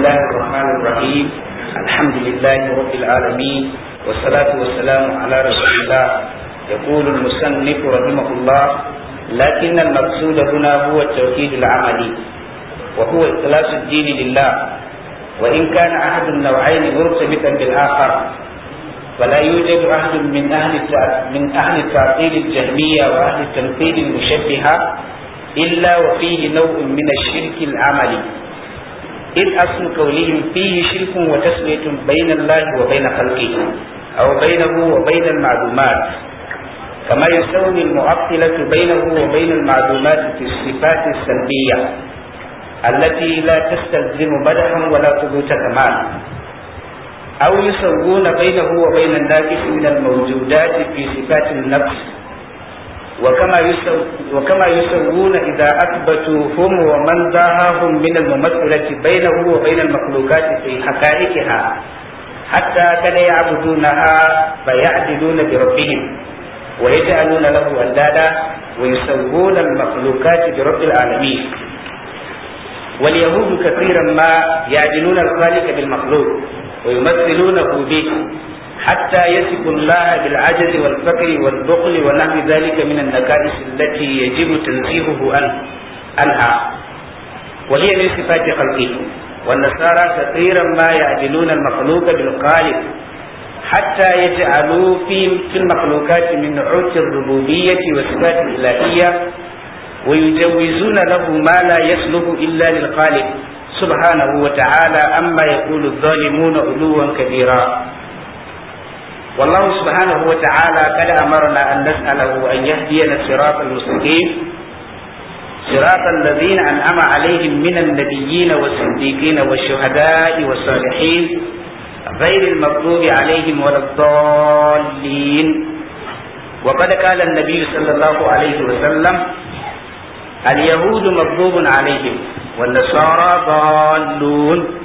الله الرحمن الرحيم الحمد لله رب العالمين والصلاة والسلام على رسول الله يقول المصنف رحمه الله لكن المقصود هنا هو التوحيد العملي وهو إخلاص الدين لله وإن كان أحد النوعين مرتبطا بالآخر فلا يوجد أحد من أهل من أهل التعطيل الجهمية وأهل التنقيل المشبهة إلا وفيه نوع من الشرك العملي in asu kaulihim fihi shirkun wa tasmiyatun bayna Allahi wa bayna khalqi aw bayna hu wa bayna kama yasawmi al-mu'attilatu bayna hu wa bayna al-ma'dumat fi la tastazimu badahan wa la tubuta kamal aw yasawuna bayna hu wa bayna al-dafi min al-mawjudati وكما يسو وكما يسوون إذا أثبتوهم ومن داهاهم من الممثلة بينه وبين المخلوقات في حقائقها حتى كان يعبدونها فيعدلون بربهم ويجعلون له أندادا ويسوون المخلوقات برب العالمين واليهود كثيرا ما يعدلون الخالق بالمخلوق ويمثلونه به حتى يثق الله بالعجز والفقر والبخل ونحو ذلك من النكائس التي يجب تنزيهه عنها وهي من صفات خلقه والنصارى كثيرا ما يعدلون المخلوق بالخالق حتى يجعلوا في في المخلوقات من عرش الربوبية والصفات الإلهية ويجوزون له ما لا يصلح إلا للخالق سبحانه وتعالى أما يقول الظالمون علوا كبيرا والله سبحانه وتعالى قد أمرنا أن نسأله أن يهدينا الصراط المستقيم صراط الذين أنعم عليهم من النبيين والصديقين والشهداء والصالحين غير المغضوب عليهم ولا الضالين وقد قال النبي صلى الله عليه وسلم اليهود مغضوب عليهم والنصارى ضالون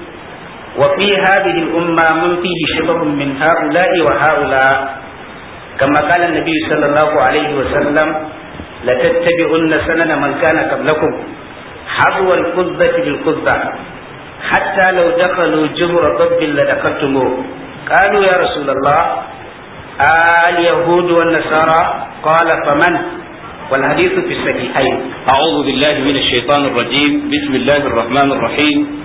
وفي هذه الأمة من فيه شبه من هؤلاء وهؤلاء كما قال النبي صلى الله عليه وسلم لتتبعن سنن من كان قبلكم حظو القذة بالقذة حتى لو دخلوا جمر ضب لدخلتموه قالوا يا رسول الله اليهود والنصارى قال فمن والحديث في الصحيحين أعوذ بالله من الشيطان الرجيم بسم الله الرحمن الرحيم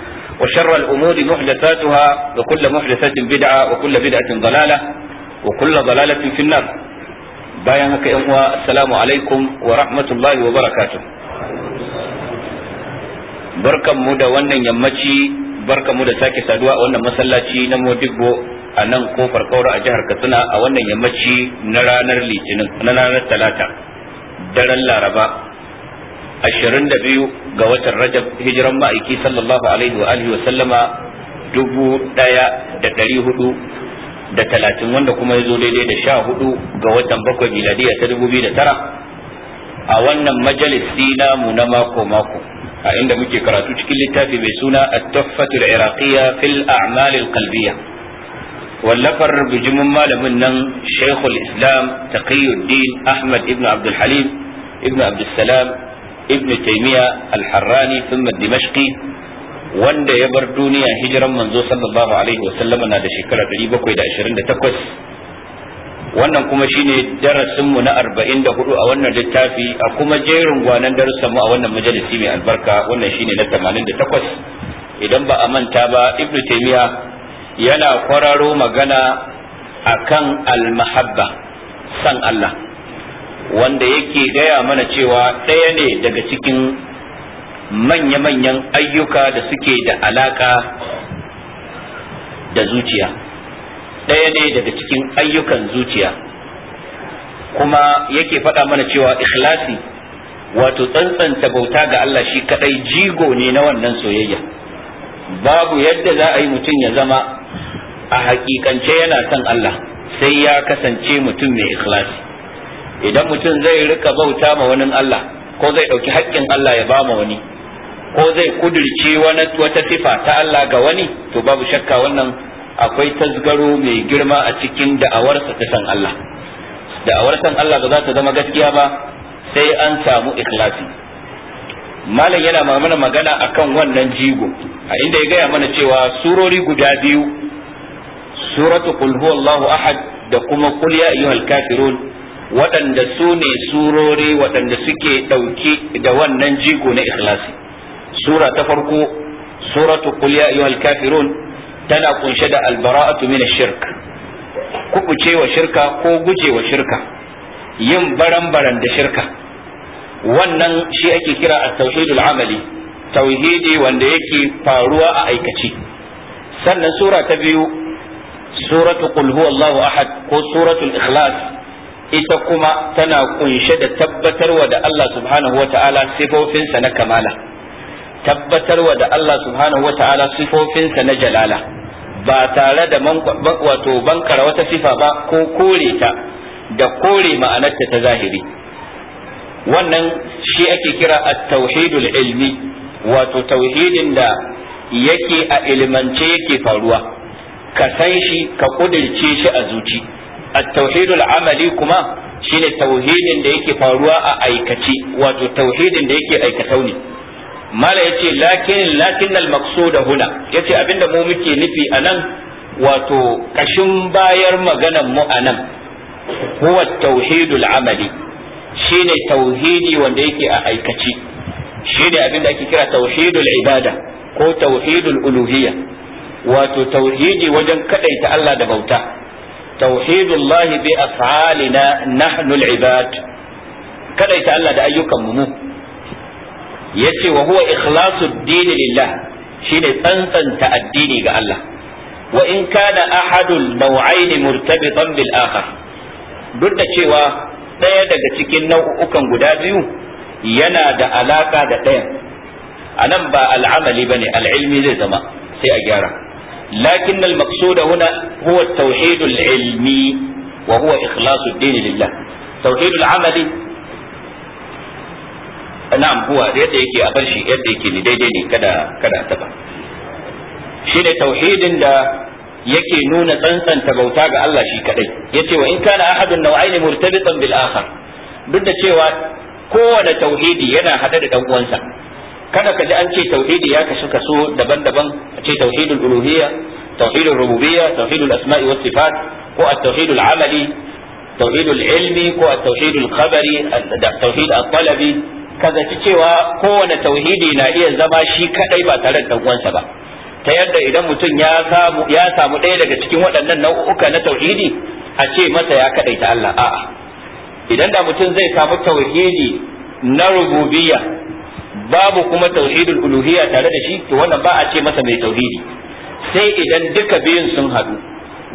وشر الأمور محدثاتها وكل bid'a بدعة وكل بدعة ضلالة وكل ضلالة في النار bayan haka yan uwa assalamu alaikum wa rahmatullahi wa barakatuh barkanmu da wannan yammaci barkanmu da sake saduwa a wannan masallaci na Modibbo a nan kofar kaura a jihar Katsina a wannan yammaci na ranar litinin na ranar talata daran laraba ashirin da biyu ga watan rajab hijiran ma'aiki sallallahu alaihi wa alihi wa sallama dubu daya da dari hudu da talatin wanda kuma ya zo daidai da sha hudu ga watan bakwai miladiya ta dubu biyu da tara a wannan majalisi namu na mako mako a inda muke karatu cikin littafi mai suna at-tuhfatul iraqiyya fil amalil al-qalbiyya wallafar bijimin malamin nan shaykhul islam taqiyuddin ahmad ibn abdul halim ibn abdul salam ibn taymiya al-harrani thumma dimashqi wanda ya bar duniya hijiran manzo sallallahu alaihi wasallam na da shekara 728 wannan kuma shine darasin mu na hudu a wannan littafi a kuma jerin gwanan darussanmu mu a wannan majalisi mai albarka wannan shine na takwas. idan ba a manta ba ibn taymiya yana kwararo magana akan al-mahabba san Allah wanda yake gaya mana cewa ɗaya ne daga cikin manya-manyan ayyuka da suke da alaka da zuciya ɗaya ne daga cikin ayyukan zuciya kuma yake faɗa mana cewa ikhlasi wato tsantsanta bauta ga Allah shi kaɗai jigo ne na wannan soyayya babu yadda za a yi mutum ya zama a hakikance yana son Allah sai ya kasance mutum mai ikhlasi idan mutum zai rika bauta ma wani Allah ko zai ɗauki haƙƙin Allah ya bama wani ko zai kudirce wani wata sifa ta Allah ga wani to babu shakka wannan akwai tazgaro mai girma a cikin da'awarsa ta san Allah da'awar san Allah ba za ta zama gaskiya ba sai an samu ikhlasi malam yana mana magana akan wannan jigo a inda ya gaya mana cewa surori guda biyu suratu qul huwallahu ahad da kuma qul ya ayyuhal kafirun waɗanda su ne surori waɗanda suke ɗauke da wannan jigo na ikhlasi sura ta farko suratu qul ya ayyuhal kafirun tana kunshe da albara'atu min shirk kubucewa shirka ko gujewa shirka yin baran-baran da shirka wannan shi ake kira at-tauhidul amali tauhidi wanda yake faruwa a aikace sannan sura ta biyu suratu qul huwallahu ahad ko suratul ikhlas ita kuma tana kunshe da tabbatarwa da Allah subhanahu wa ta'ala sifofinsa na kamala tabbatarwa da Allah subhanahu wa ta'ala sifofinsa na jalala ba tare da wato bankara wata sifa ba ko kore ta da kore ma'anarta ta zahiri wannan shi ake kira a tauhidul ilmi wato tauhidin da yake a ilmance yake faruwa ka san shi ka kudirce shi a zuci at-tauhidul amali kuma shine tauhidin da yake faruwa a aikace wato tauhidin da yake aikatau Malam mala yace lakin lakin al-maqsud huna yace abinda mu muke nufi anan wato kashin bayar maganan mu anan huwa tauhidul amali shine tauhidi wanda yake a aikace shine abinda ake kira tauhidul ibada ko tauhidul uluhiya wato tauhidi wajen kadaita Allah da bauta tauhidullahi bi af'alina nahnu al-ibad kadaita Allah da ayyukan mu yace wa huwa ikhlasu ad-din lillah shine tsantsanta addini ga Allah wa in kana ahadul naw'ain murtabitan bil akhar duk da cewa ɗaya daga cikin nau'ukan guda biyu yana da alaƙa da ɗaya. a nan ba al'amali ba ne al'ilmi zai zama sai a gyara لكن المقصود هنا هو التوحيد العلمي وهو إخلاص الدين لله توحيد العملي نعم هو يدعي كي أقلش يدعي كي لديني كذا كذا تبع شين توحيد دا يكي نون تنسن تبوتاق الله شي كذي يكي وإن كان أحد النوعين مرتبطا بالآخر بدنا شيء كو توحيدي ينا حدد أبوانسا kada ka ji an ce tauhidi ya kasu kaso daban-daban a ce tauhidul uluhiyya tauhidul rububiyya tauhidul asma'i was sifat ko at-tauhidul amali tauhidul ilmi ko at-tauhidul khabari da tauhid al talabi kaga ci cewa kowane tauhidi na iya zama shi kadai ba tare da uwansa ba ta yadda idan mutum ya samu ya samu ɗaya daga cikin waɗannan nau'uka na tauhidi a ce masa ya kadai ta Allah a'a idan da mutum zai samu tauhidi na rububiyya babu kuma tauhidul uluhiyya tare da shi to wannan ba a ce masa mai tauhidi sai idan duka biyun sun haɗu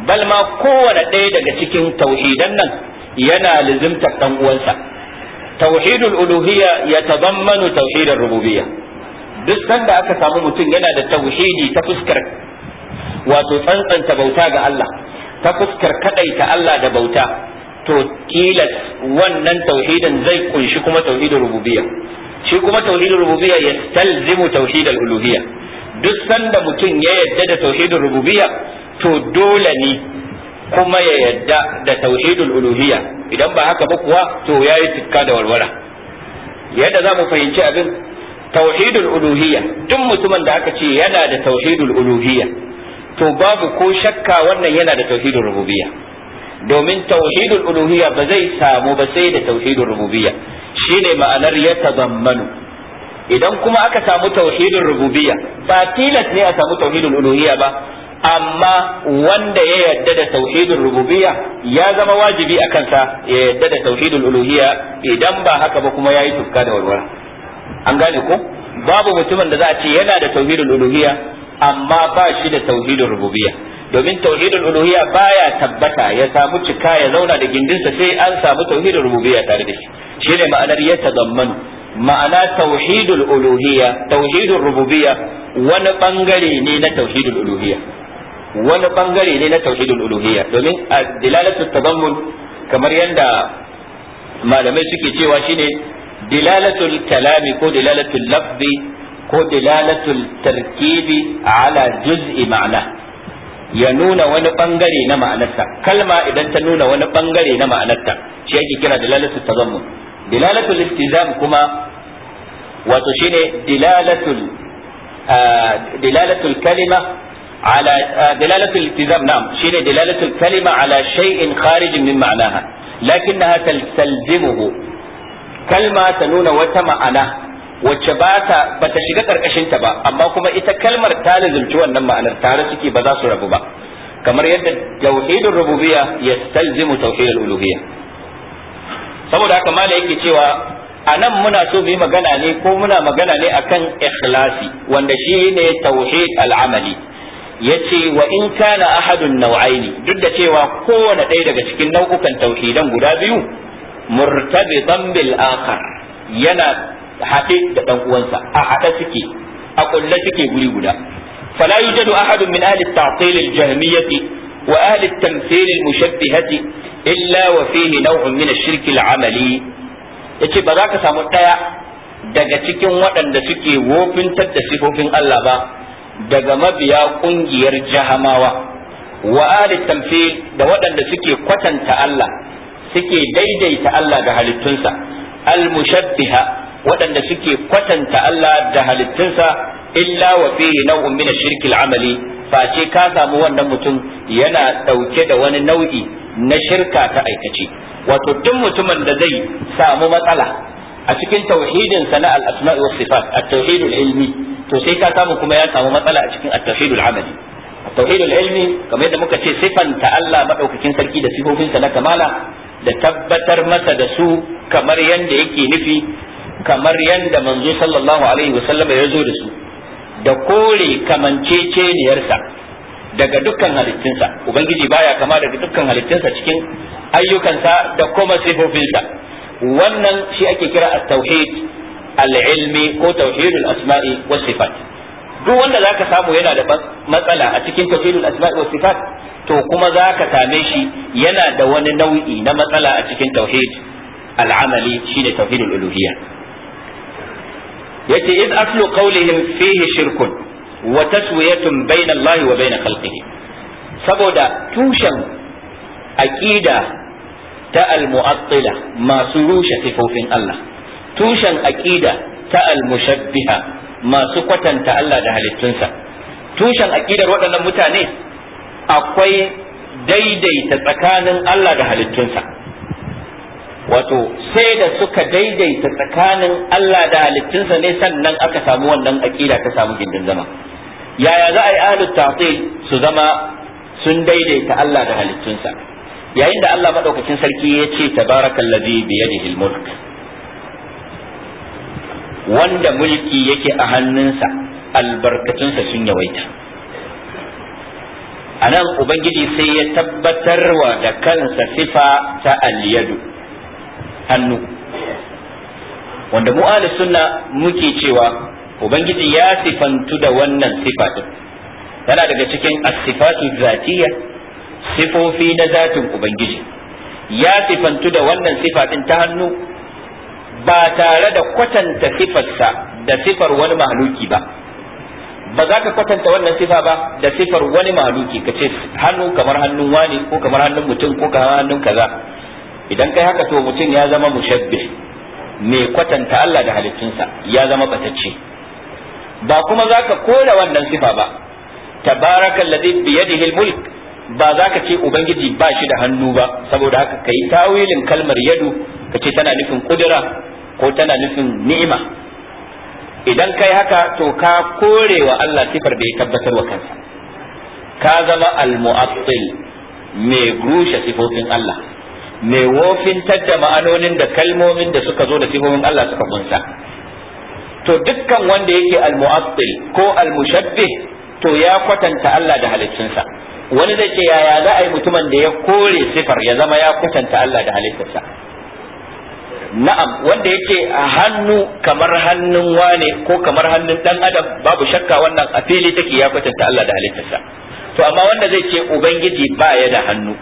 bal ma kowane ɗaya daga cikin tauhidan nan yana lizimtar ɗan uwansa tauhidul uluhiyya ya tazammanu tauhidar rububiyya duk sanda aka samu mutum yana da tauhidi ta fuskar wato tsantsanta bauta ga Allah ta fuskar kadaita Allah da bauta to tilas wannan tauhidin zai kunshi kuma tauhidin rububiyya shi kuma tauhidul rububiyya yastalzimu tauhidul uluhiyya duk sanda mutum ya yadda da tauhidul rububiyya to dole ne kuma ya yadda da tauhidul uluhiyya idan ba haka ba kuwa to yayi tikka da walwala yadda za mu fahimci abin tauhidul uluhiyya duk mutumin da aka ce yana da tauhidul uluhiyya to babu ko shakka wannan yana da tauhidul rububiyya domin tauhidul uluhiyya ba zai samu ba sai da tauhidul rububiyya shine ma'anar ya tazammanu idan kuma aka samu tauhidin rububiyya ba tilas ne a samu tauhidin uluhiyya ba amma wanda ya yadda da tauhidin rububiyya ya zama wajibi a kansa ya yadda da tauhidin uluhiyya idan ba haka ba kuma yayi tufka da warwara an gane ko babu mutumin da za a ce yana da tauhidin uluhiyya amma ba shi da tauhidin rububiyya domin tauhidul uluhiyya baya tabbata ya samu cika ya zauna da gindinsa sai an samu tauhidul rububiyya tare da shi shine ma'anar ya tagammanu ma'ana tauhidul uluhiyya tauhidul rububiyya wani bangare ne na tauhidul uluhiyya wani bangare ne na tauhidul uluhiyya domin a dilalatu tagammun kamar yanda malamai suke cewa shine dilalatul kalami ko dilalatul lafzi ko dilalatul tarkibi ala juz'i ma'ana ya nuna wani bangare na ma'anarta kalma idan ta nuna wani bangare na ma'anarta shi yake kira dilalatul tazammun dilalatul istizam kuma wato shine dilalatul ah, dilalatul kalima ala ah, dilalatul iltizam na'am shine dilalatul kalima ala shay'in kharijin min ma'naha lakinnaha talzimuhu kalma ta nuna wata ma'ana wacce ba ta ba ta shiga karkashinta ba amma kuma ita kalmar ta lazimci wannan ma'anar tare suke ba za su rabu ba kamar yadda tauhidin rububiyya yastalzimu tauhidul uluhiyya saboda haka mala yake cewa a nan muna so mu yi magana ne ko muna magana ne akan ikhlasi wanda shi ne tauhid al'amali yace wa in kana ahadun nau'aini duk da cewa kowane ɗaya daga cikin nau'ukan tauhidan guda biyu murtabitan bil akhar yana haɗe da ɗan uwansa a haɗe suke a kulle suke guri guda فلا يوجد أحد من أهل التعطيل الجهمية وأهل التمثيل المشبهة إلا وفيه نوع من الشرك العملي yace ba za ka samu ɗaya daga cikin waɗanda suke wofintar da sifofin Allah ba daga mabiya ƙungiyar jahamawa wa ahli da waɗanda suke kwatanta Allah suke daidaita Allah da halittunsa al mushabbiha waɗanda suke kwatanta Allah da halittunsa illa wa fihi nau'un min ash-shirki amali face ka samu wannan mutum yana ɗauke da wani nau'i na shirka ta aikace wato duk mutumin da zai samu matsala a cikin tauhidin sana al-asma'i was sifat at-tauhidul ilmi to sai ka samu kuma ya samu matsala a cikin at-tauhidul amali tauhidul ilmi kamar yadda muka ce sifanta Allah madaukakin sarki da sifofinsa na kamala da tabbatar masa da su kamar yadda yake nufi kamar yadda manzo sallallahu alaihi wasallam ya zo da su da kore kamanceceniyarsa daga dukkan halittinsa ubangiji baya kama daga dukkan halittinsa cikin ayyukansa da kuma sifofinsa wannan shi ake kira at-tauhid al'ilmi ko tauhidul asma'i was sifat duk wanda zaka samu yana da matsala a cikin tauhidul asma'i was sifat to kuma zaka same shi yana da wani nau'i na matsala a cikin tauhid al'amali shine tauhidul uluhiyya yace iz aslu qawlihim fihi shirkun wa taswiyatun bayna Allah wa bayna khalqihi saboda tushen aqida ta al-mu'attila masu rushe sifofin Allah tushen aqida ta al-mushabbiha masu kwatanta Allah da halittunsa tushen aqidar waɗannan mutane akwai daidaita tsakanin Allah da halittunsa wato sai da suka daidaita tsakanin Allah da halittunsa ne sannan aka samu wannan aƙida ta samu gindin zama yaya za a yi ahlul ta'til su zama sun daidaita Allah da halittunsa yayin da Allah madaukakin sarki ya ce tabarakallazi bi mulk wanda mulki yake a hannunsa albarkatunsa sun yawaita anan ubangiji sai ya tabbatarwa da kansa sifa ta Aliyadu. hannu wanda mu ahlus sunna muke cewa ubangiji ya sifantu da wannan sifa din yana daga cikin as-sifatu zatiyya sifofi na zatin ubangiji ya sifantu da wannan sifa din ta hannu ba tare da kwatanta sifarsa da sifar wani mahaluki ba ba za ka kwatanta wannan sifa ba da sifar wani mahaluki ka ce hannu kamar hannun wani ko kamar hannun mutum ko kamar hannun kaza idan kai haka to mutum ya zama mushabbih ne kwatanta Allah da halittunsa ya zama batacce ba kuma zaka kore wannan sifa ba tabarakal ladhi bi yadihi ba za ka ce ubangiji ba shi da hannu ba saboda haka kai tawilin kalmar yadu ka ce tana nufin kudura ko tana nufin ni'ima idan kai haka to ka kore wa Allah sifar da ya tabbatar wa kansa ka zama al mai rushe sifofin Allah mai wofin da ma'anonin da kalmomin da suka zo da sifofin Allah suka kunsa to dukkan wanda yake al-mu'attil ko al-mushabbih to ya kwatanta Allah da halittunsa wani zai ce yaya za a yi mutumin da ya kore sifar ya zama ya kwatanta Allah da halittarsa na'am wanda yake a hannu kamar hannun wane ko kamar hannun dan adam babu shakka wannan a fili take ya kwatanta Allah da halittarsa to amma wanda zai ce ubangiji ba ya da hannu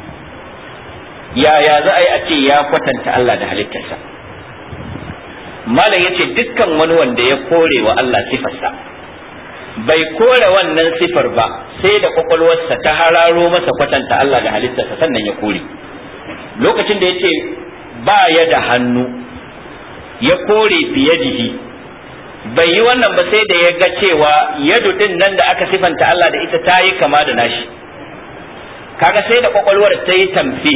yaya za a yi a ce ya kwatanta Allah da halittarsa malam ya ce dukkan wani wanda ya kore wa Allah sifarsa bai kore wannan sifar ba sai da kwakwalwarsa ta hararo masa kwatanta Allah da halittarsa sannan ya kore lokacin da ya ce ba ya da hannu ya kore fiye bai yi wannan ba sai da ya ga cewa yadu din nan da aka sifanta Allah da ita ta yi kama da nashi kaga sai da kwakwalwar ta yi tamfi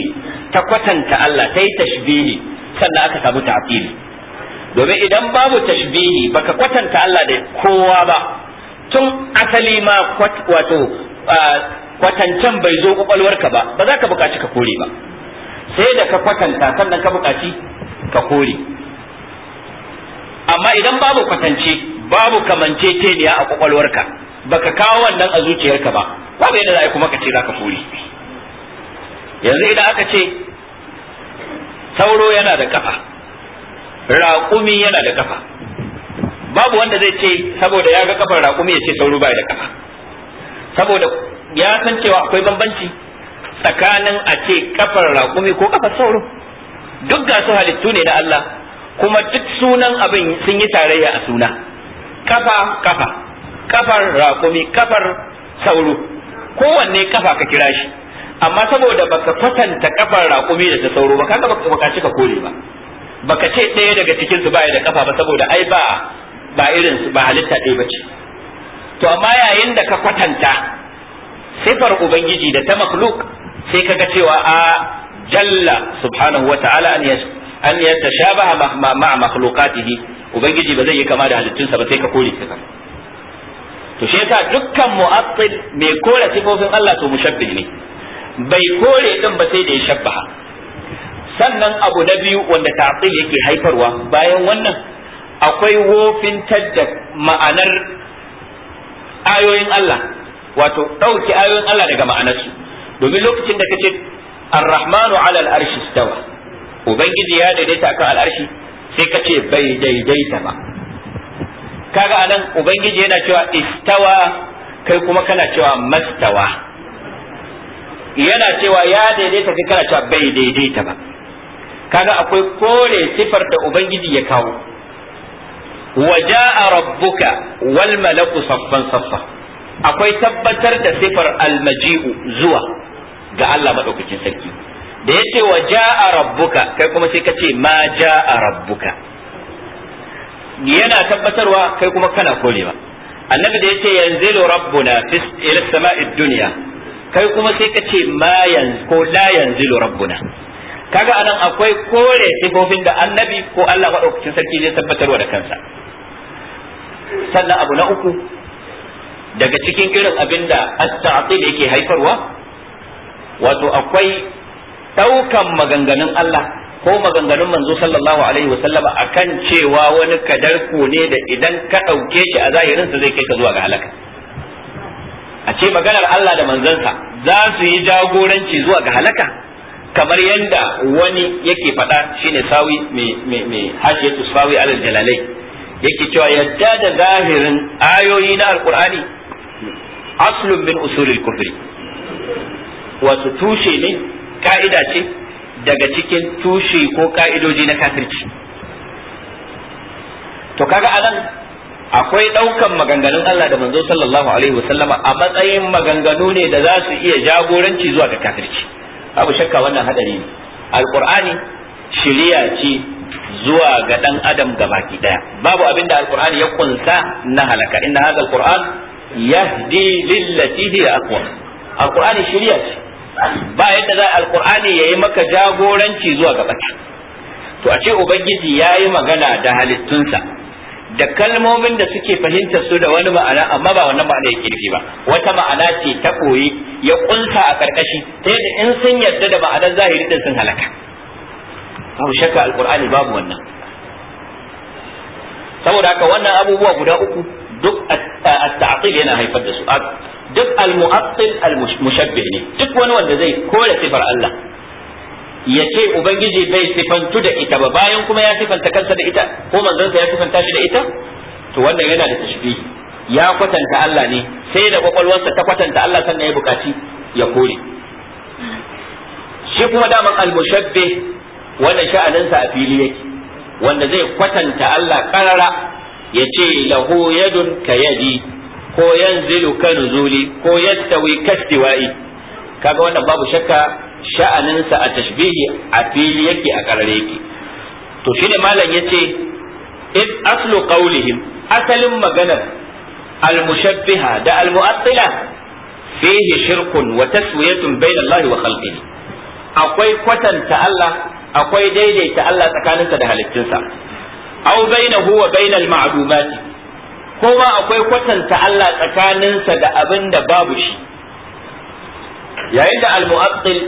ta kwatanta Allah ta yi tashbihi sannan aka samu ta'tili domin idan babu tashbihi baka kwatanta Allah da kowa ba tun asali ma wato kwatancen bai zo kwakwalwarka ba ba za ka buƙaci ka kore ba sai da ka kwatanta sannan ka buƙaci ka kore amma idan babu kwatance babu kamance teniya a kwakwalwarka baka kawo wannan a zuciyarka ba bai yadda za a kuma ka ce za ka kore yanzu idan aka ce sauro yana da kafa raƙumi yana da kafa babu wanda zai ce saboda ya ga kafar raƙumi ya ce sauro bai da kafa saboda ya san cewa akwai bambanci tsakanin a ce kafar raƙumi ko kafar sauro duk ga su halittu ne na Allah kuma duk sunan abin sun yi tarayya a suna kafa kafa kafar raƙumi kafar sauro kowanne kafa ka kira shi amma saboda baka kwatanta kafar raƙumi da ta sauro ba kaga baka cika kore ba baka ce ɗaya daga cikin su baya da kafa ba saboda ai ba ba irin su ba halitta ɗaya ba ce to amma yayin da ka kwatanta sifar ubangiji da ta makhluk sai kaga cewa a jalla subhanahu wata'ala an yas an yatashabaha ma'a makhluqatihi ubangiji ba zai yi kama da halittunsa ba sai ka kore ka to shi yasa dukkan mu'attil mai kore sifofin Allah to mushabbih ne bai kore din ba sai da ya shabbaha sannan abu na biyu wanda ta'til yake haifarwa bayan wannan akwai wofin da ma'anar ayoyin Allah wato ɗauki ayoyin Allah daga ma'anarsu domin lokacin da kace ar-rahmanu ala al-arshi stawa ubangiji ya daidaita kan al-arshi sai kace bai daidaita ba kaga anan ubangiji yana cewa istawa kai kuma kana cewa mastawa yana cewa ya daidaita ka kana cewa bai daidaita ba kaga akwai kore sifar da ubangiji ya kawo jaa rabbuka wal malaku saffan saffa akwai tabbatar da sifar almaji'u zuwa ga Allah madaukakin sarki da yace jaa rabbuka kai kuma sai kace ma ja'a rabbuka yana tabbatarwa kai kuma kana korewa annabi da yace yanzilu rabbuna fis ila sama'i dunya kai kuma sai ka ce ma yanzu ko la yanzilu rabbuna kaga anan akwai kore sifofin da annabi ko Allah madaukakin sarki zai tabbatarwa da kansa sannan abu na uku daga cikin irin abin da at-ta'til yake haifarwa wato akwai daukan maganganun Allah ko maganganun manzo sallallahu alaihi wasallama akan cewa wani kadarku ne da idan ka dauke shi a zahirin sa zai kai ka zuwa ga halaka a ce maganar Allah da manzansa za su yi jagoranci zuwa ga halaka kamar yadda wani yake faɗa shine sawi mai su sawi alal jalalai yake cewa yadda da zahirin ayoyi na alkur'ani aslun min usulil kufri wasu tushe ne ka'ida ce daga cikin tushe ko ka'idoji na kafirci to kaga anan akwai ɗaukan maganganun Allah da manzo sallallahu alaihi wasallama a matsayin maganganu ne da za su iya jagoranci zuwa ga kafirci abu shakka wannan hadari ne alqur'ani shiriya ce zuwa ga dan adam gabaki daya babu abin da alqur'ani ya kunsa na halaka inna hadha alqur'an yahdi lillati hi aqwa alqur'ani shiriya ce ba yadda za alqur'ani yayi maka jagoranci zuwa ga bata to a ce ubangiji yayi magana da halittunsa da kalmomin da suke fahimtar su da wani ma'ana amma ba wannan ma'ana yake nufi ba wata ma'ana ce ta koyi ya kunsa a karkashi ta yadda in sun yarda da ma'anar zahiri din sun halaka babu shakka alqur'ani babu wannan saboda haka wannan abubuwa guda uku duk at-ta'til yana haifar da su duk al-mu'attil al-mushabbih ne duk wani wanda zai kore sifar Allah ya ce ubangiji bai sifantu da ita ba bayan kuma ya sifanta kansa da ita ko manzansa ya sifanta shi da ita to wannan yana da tashbi ya kwatanta Allah ne sai da kwakwalwarsa ta kwatanta Allah sannan ya bukaci ya kore shi kuma daman al-mushabbih wannan sha'aninsa a fili yake wanda zai kwatanta Allah karara ya ce lahu yadun kayadi yadi ko yanzilu ka ko yastawi kastiwa'i kaga wannan babu shakka sha'aninsa a tashbihi a fili yake a karare yake to shine malam yace id aslu qawlihim asalin maganar al-mushabbiha da al-mu'attila fihi shirkun wa taswiyatun bayna Allah wa khalqihi akwai kwatanta Allah akwai daidaita Allah tsakaninsa da halittunsa Au bainahu wa bainal ma'dumati ko akwai kwatanta Allah tsakaninsa da abin da babu shi yayin da al-mu'attil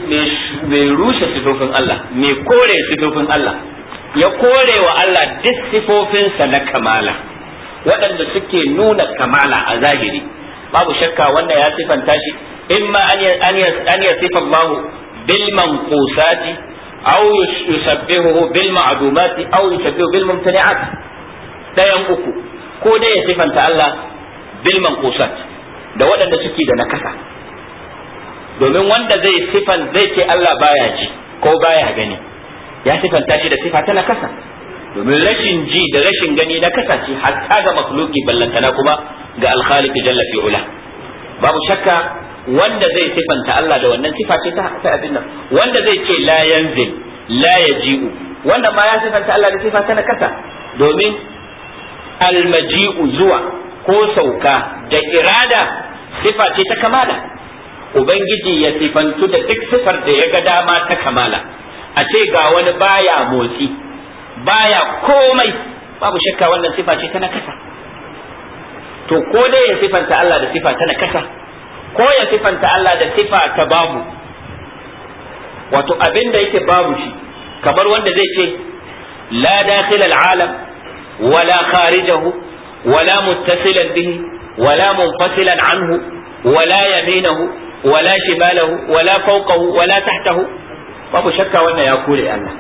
mai rushe sifofin Allah mai kore sifofin Allah ya kore wa Allah duk sifofinsa na kamala waɗanda suke nuna kamala a zahiri babu shakka wanda ya sifanta shi ma an ya sifan Allah bil manqusati aw yusabbihu bil ma'dumati aw yusabbihu bil mumtani'at dayan uku ko dai ya sifanta Allah bil manqusat da waɗanda suke da nakasa domin wanda zai sifan zai ce Allah baya ji ko baya gani ya sifanta shi da sifa ta kasa. domin rashin ji da rashin gani na kasa ce hatta ga makhluki ballantana kuma ga alkhaliq jalla fi ula babu shakka wanda zai sifanta Allah da wannan sifa ce ta ta abin nan wanda zai ce la yanzil la yaji'u wanda ma ya sifanta Allah da sifa ta kasa domin almaji'u zuwa ko sauka da irada sifa ce ta kamala ubangiji ya sifantu da duk sifar da ya ga dama ta kamala a ce ga wani baya motsi baya komai babu shakka wannan sifa ce ta nakasa to ko dai ya sifanta Allah da sifa ta nakasa ko ya sifanta Allah da sifa ta babu wato abin da yake babu shi kamar wanda zai ce la dakhil al wala kharijahu wala muttasilan bihi wala munfasilan anhu wala yaminahu wala shimalahu wala fawqahu wala tahtahu babu shakka wannan ya kore Allah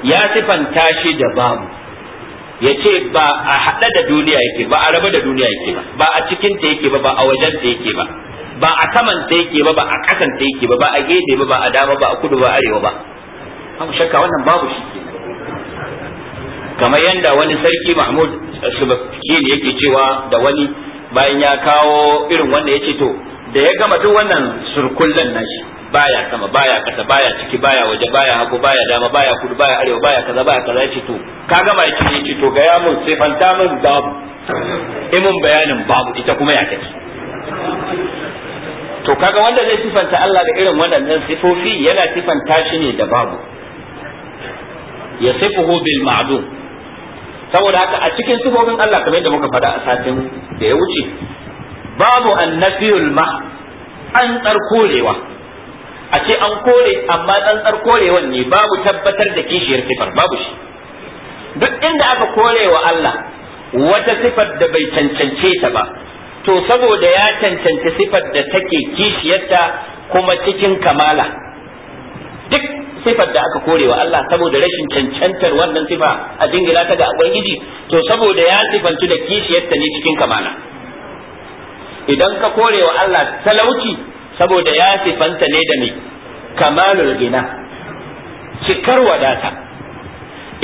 ya sifanta shi da babu ya ce ba a haɗa da duniya yake ba a raba da duniya yake ba ba a cikin ta yake ba ba a wajen ta yake ba ba a saman ta yake ba ba a ƙasan ta yake ba ba a gefe ba ba a dama ba a kudu ba arewa ba babu shakka wannan babu shi kamar yanda wani sarki mahmud shubakiyar yake cewa da wani bayan ya kawo irin wanda ya ce to da ya gama duk wannan surkullan nashi baya sama baya kasa baya ciki baya waje baya hagu baya dama baya kudu baya arewa baya kaza baya kaza yace to ka gama yace yace to ga mun sai fanta mun babu imun bayanin babu ita kuma ya kace to kaga wanda zai sifanta Allah da irin waɗannan sifofi yana sifanta shi ne da babu ya sifuhu bil ma'dum saboda haka a cikin sifofin Allah kamar yadda muka faɗa a satin da ya wuce babu annafiyul ma an tsarkorewa a ce an kore amma dan korewan ne babu tabbatar da kishiyar sifar babu shi duk inda aka korewa Allah wata sifar da bai cancance ta ba to saboda ya cancanci sifar da take kishiyarta kuma cikin kamala duk sifar da aka korewa Allah saboda rashin cancantar wannan sifa a jingila ta ga ubangiji to saboda ya sifantu da kishiyarta ne cikin kamala idan ka kore wa Allah talauci saboda ya sifanta ne da mai kamalul gina cikar wadata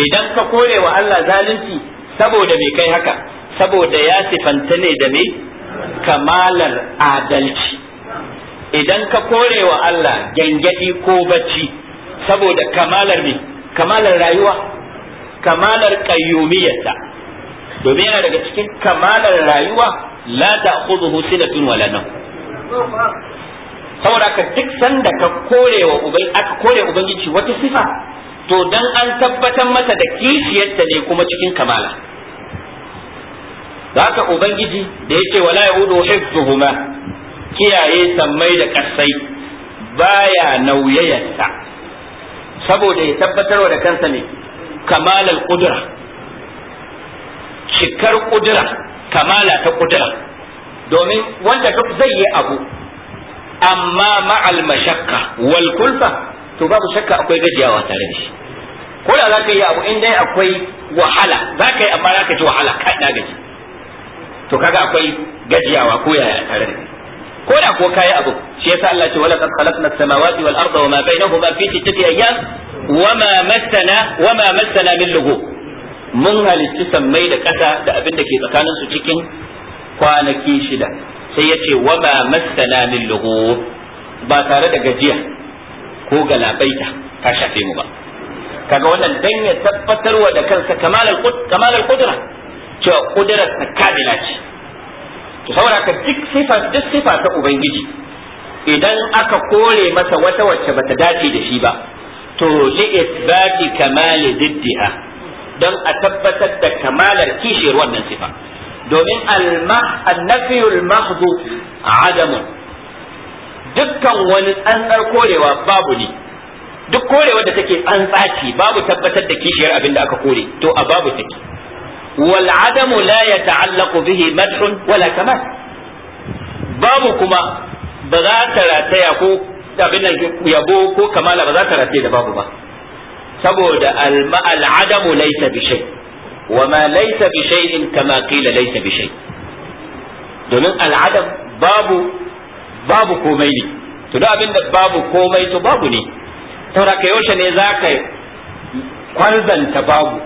idan ka kore wa Allah zalunci saboda mai kai haka saboda ya sifanta ne da mai kamalar adalci idan ka kore wa Allah gyangyaɗi ko bacci saboda kamalar mai kamalar rayuwa kamalar ƙayyumiyarsa domin yana daga cikin kamalar rayuwa la ta'khudhuhu sinatun wala nawm saboda ka duk sanda ka korewa ubai aka kore ubangiji wata sifa to dan an tabbatar masa da kishiyarta ne kuma cikin kamala Zaka ubangiji da yake wala yaudu hifzuhuma kiyaye sammai da kasai baya nauyayarsa saboda ya tabbatarwa da kansa ne kamalar kudura cikar kudura kamala ta kudura domin wanda duk zai yi abu amma ma'al mashakka wal kulfa to babu shakka akwai gajiyawa tare da shi ko da za ka yi abu in dai akwai wahala za ka yi amma zaka ka ji wahala kai na gaji to kaga akwai gajiyawa ko yaya tare da shi ko da ko kai abu shi yasa Allah ce wala qad khalaqna samawati wal arda ma bainahuma fi sittati ayyam wama massana wama massana min lughub mun halicci sammai da ƙasa da abin da ke tsakanin su cikin kwanaki shida sai ya ce wa ma masana min ba tare da gajiya ko galabaita ta shafe mu ba kaga wannan dan ya tabbatarwa da kansa kamal al-qudra cewa kudurar ta kamila ce to saboda ka duk sifa duk sifa ta ubangiji idan aka kore masa wata wacce bata dace da shi ba to li isbati kamali diddiha don a tabbatar da kamalar kishiyar wannan sifa domin annafiyul mahdu adamun dukkan wani tsantsar korewa babu ne duk korewar da take tsantsaci babu tabbatar da kishiyar abin da aka kore to a babu take wal adamu la yata'allaqu bihi madhun wala kamal babu kuma ba za ta rataya ko abin nan yabo ko kamala ba za ta rataya da babu ba saboda al'adamu laisa bishai, wa ma laisa bishai shay'in kama kila laisa bishai? shay domin al'adam babu babu komai ne to abin da babu komai to babu ne saboda yaushe ne za ka kwarzanta babu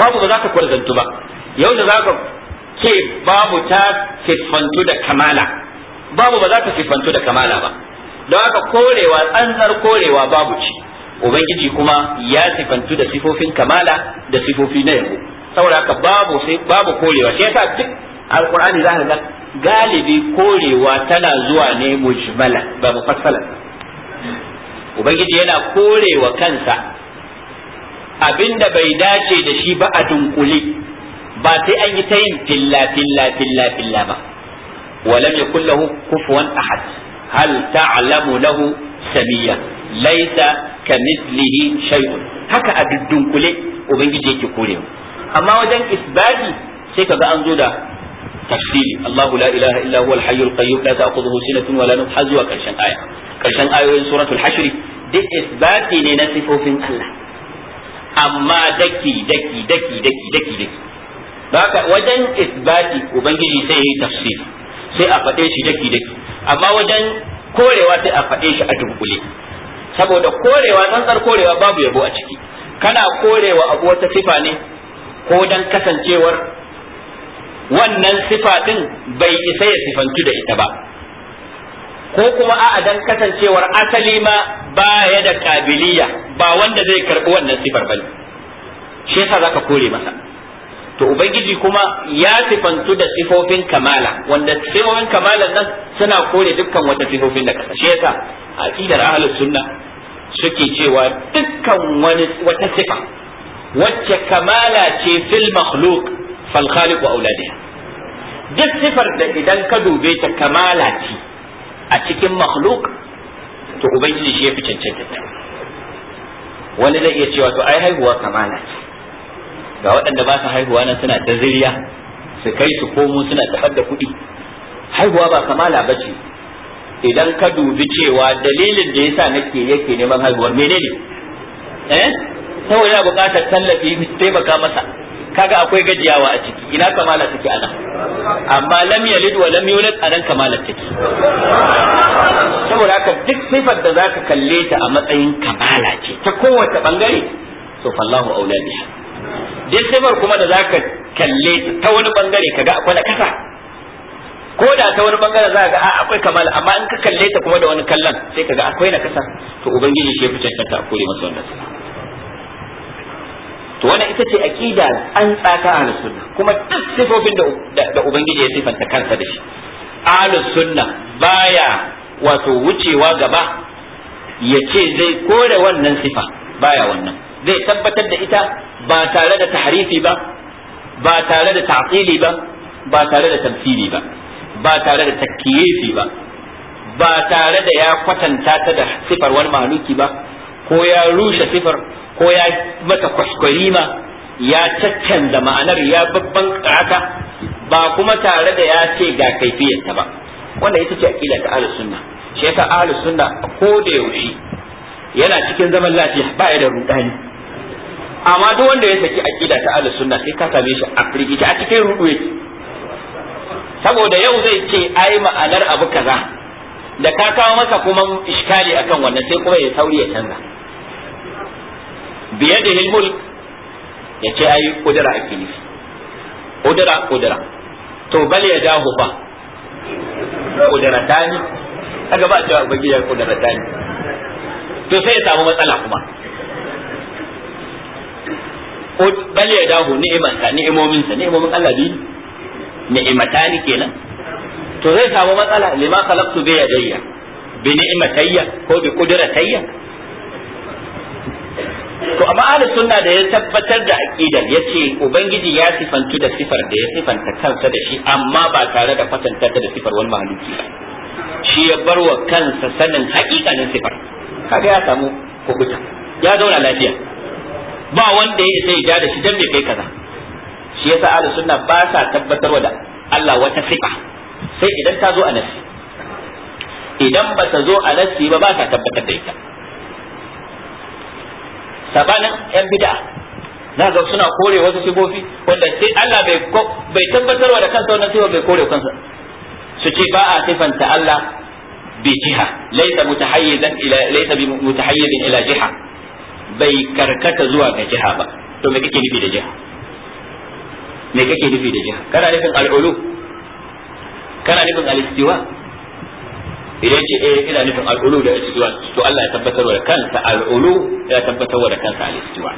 babu ba za ka kwarzantu ba yaushe za ka ce babu ta siffantu da kamala babu ba za ka siffantu da kamala ba don haka korewa tsantsar korewa babu ce ubangiji kuma ya sifantu da sifofin kamala da sifofi na yabo saboda haka babu sai babu korewa shi yasa duk alqur'ani za ka galibi korewa tana zuwa ne mujmala ba mufassala ubangiji yana korewa kansa abinda bai dace da shi ba a dunkule ba sai an yi ta yin filla filla filla filla ba ولم يكن له كفوا أحد هل تعلم له سميا ليس ka mislihi shay'un haka a dudunkule ubangiji yake kore amma wajen isbati sai kaga an zo da tafsiri Allahu la ilaha illa huwa al-hayyul qayyum la ta'khudhuhu sinatun wa la nawm har zuwa karshen aya karshen ayoyin suratul hashr duk isbati ne na sifofin Allah amma daki daki daki daki daki wajen isbati ubangiji sai yayi tafsir sai a faɗe shi daki daki amma wajen korewa sai a faɗe shi a dunkule saboda korewa tsantsar korewa babu yabo a ciki kana korewa abu wata sifa ne ko dan kasancewar wannan sifa din bai isa ya sifantu da ita ba ko kuma a'a dan kasancewar asali ma baya da kabiliya ba wanda zai karbi wannan sifar bane shi yasa zaka kore masa to ubangiji kuma ya sifantu da sifofin kamala wanda sifofin kamala nan suna kore dukkan wata sifofin da kasa shi yasa aqidar ahlus sunna suke cewa dukkan wani wata sifa wacce kamala ce fil makhluq fal khaliq wa auladi duk sifar da idan ka dube ta kamala ce a cikin makhluq to ubangiji shi ya fi cancanta wani zai iya cewa to ai haihuwa kamala ce ga waɗanda ba su haihuwa nan suna ta su kai su komo suna tafar da kuɗi haihuwa ba kamala ba ce idan ka dubi cewa dalilin da yasa nake yake neman haihuwar menene eh ya buƙatar tallafi taimaka masa kaga akwai gajiyawa a ciki ina kamala take ana amma lam yalid wa lam yulad nan kamala take saboda haka duk sifar da zaka kalle ta a matsayin kamala ce ta kowace bangare to fallahu aula duk sifar kuma da zaka kalle ta wani bangare kaga akwai nakasa ko da ta wani bangare za ga akwai kamal amma in ka kalle ta kuma da wani kallon sai kaga akwai nakasa to ubangiji shi ya fice cancanta a kore masa wannan to wannan ita ce aqida an tsaka a sunna kuma duk sifofin da da ubangiji ya sifanta kansa da shi ahlus sunna baya wato wucewa gaba ya ce zai kore wannan sifa baya wannan zai tabbatar da ita ba tare da tahrifi ba ba tare da ta'tili ba ba tare da tamthili ba ba tare da takyifi ba ba tare da ya kwatanta ta da sifar wani mahaluki ba ko ya rushe sifar ko ya mata ma, ya caccanza ma'anar ya babban karata ba kuma tare da ya ce ga kaifiyarta ba wannan ita ce aqida ta ahlus sunna shi yasa ahlus sunna ko da yaushe yana cikin zaman lafiya ba ya da rudani amma duk wanda ya saki aqida ta ahlus sunna sai ka same shi a firgita a cikin rudu saboda yau zai ce ai ma'anar abu kaza da ka kawo masa kuma iskali akan wannan sai kuma ya sauri ya canza da mulk ya ce ai kudura a kilifi, kudura kudura to bal ya ba fa tani kaga ba a cewa ubangiji ya kuduratani to sai ya samu matsala kuma ko bal ya dahu ni'imanta ni'imomin sa ni'imomin Allah bi ni kenan to zai samu matsala lima khalaqtu bi yadayya bi ni'imatayya ko bi qudratayya to amma ahlus sunna da ya tabbatar da aqidar yace ubangiji ya sifantu da sifar da ya sifanta kansa da shi amma ba tare da kwatanta da sifar wani mahaluki ba shi ya bar wa kansa sanin hakikanin sifar kaga ya samu kokuta ya zauna lafiya ba wanda ya isa ya ja da shi dan me kai kaza shi yasa ahlus sunna ba sa tabbatarwa da Allah wata sifa sai idan ta zo a nasi idan ba ta zo a nasi ba ba ta tabbatar da ita sabanin yan bid'a za ga suna kore wasu sifofi wanda sai Allah bai bai tabbatarwa da kansa wannan sifa bai kore kansa su ce ba a sifanta Allah bi jiha laysa mutahayyizan ila laysa bi mutahayyizin ila jiha bai karkata zuwa ga jiha ba to me kake nufi da jiha me kake nufi da jiha kana nufin al'ulu kana nufin al'istiwa idan ce eh ina nufin al'ulu da al'istiwa to Allah ya tabbatar da kansa al'ulu ya tabbatar da kansa al'istiwa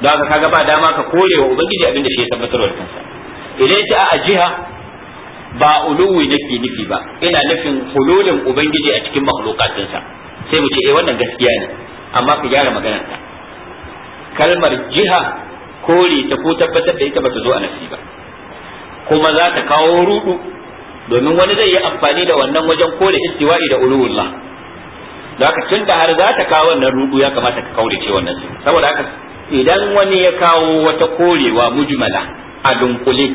don haka kaga ba dama ka kore wa ubangiji abin da shi ya tabbatar da kansa idan ce a jiha ba uluwi nake nufi ba ina nufin hululin ubangiji a cikin makhluqatinsa sai mu ce eh wannan gaskiya ne amma ka gyara maganar ta kalmar jiha kore ta ko tabbatar da ita ta zo a nasi ba kuma za ta kawo rudu domin wani zai yi amfani da wannan wajen kore istiwa'i da uluwullah da aka tun da har za ta kawo wannan rudu ya kamata ka kaure ce wannan saboda haka idan wani ya kawo wata korewa mujmala a dunkule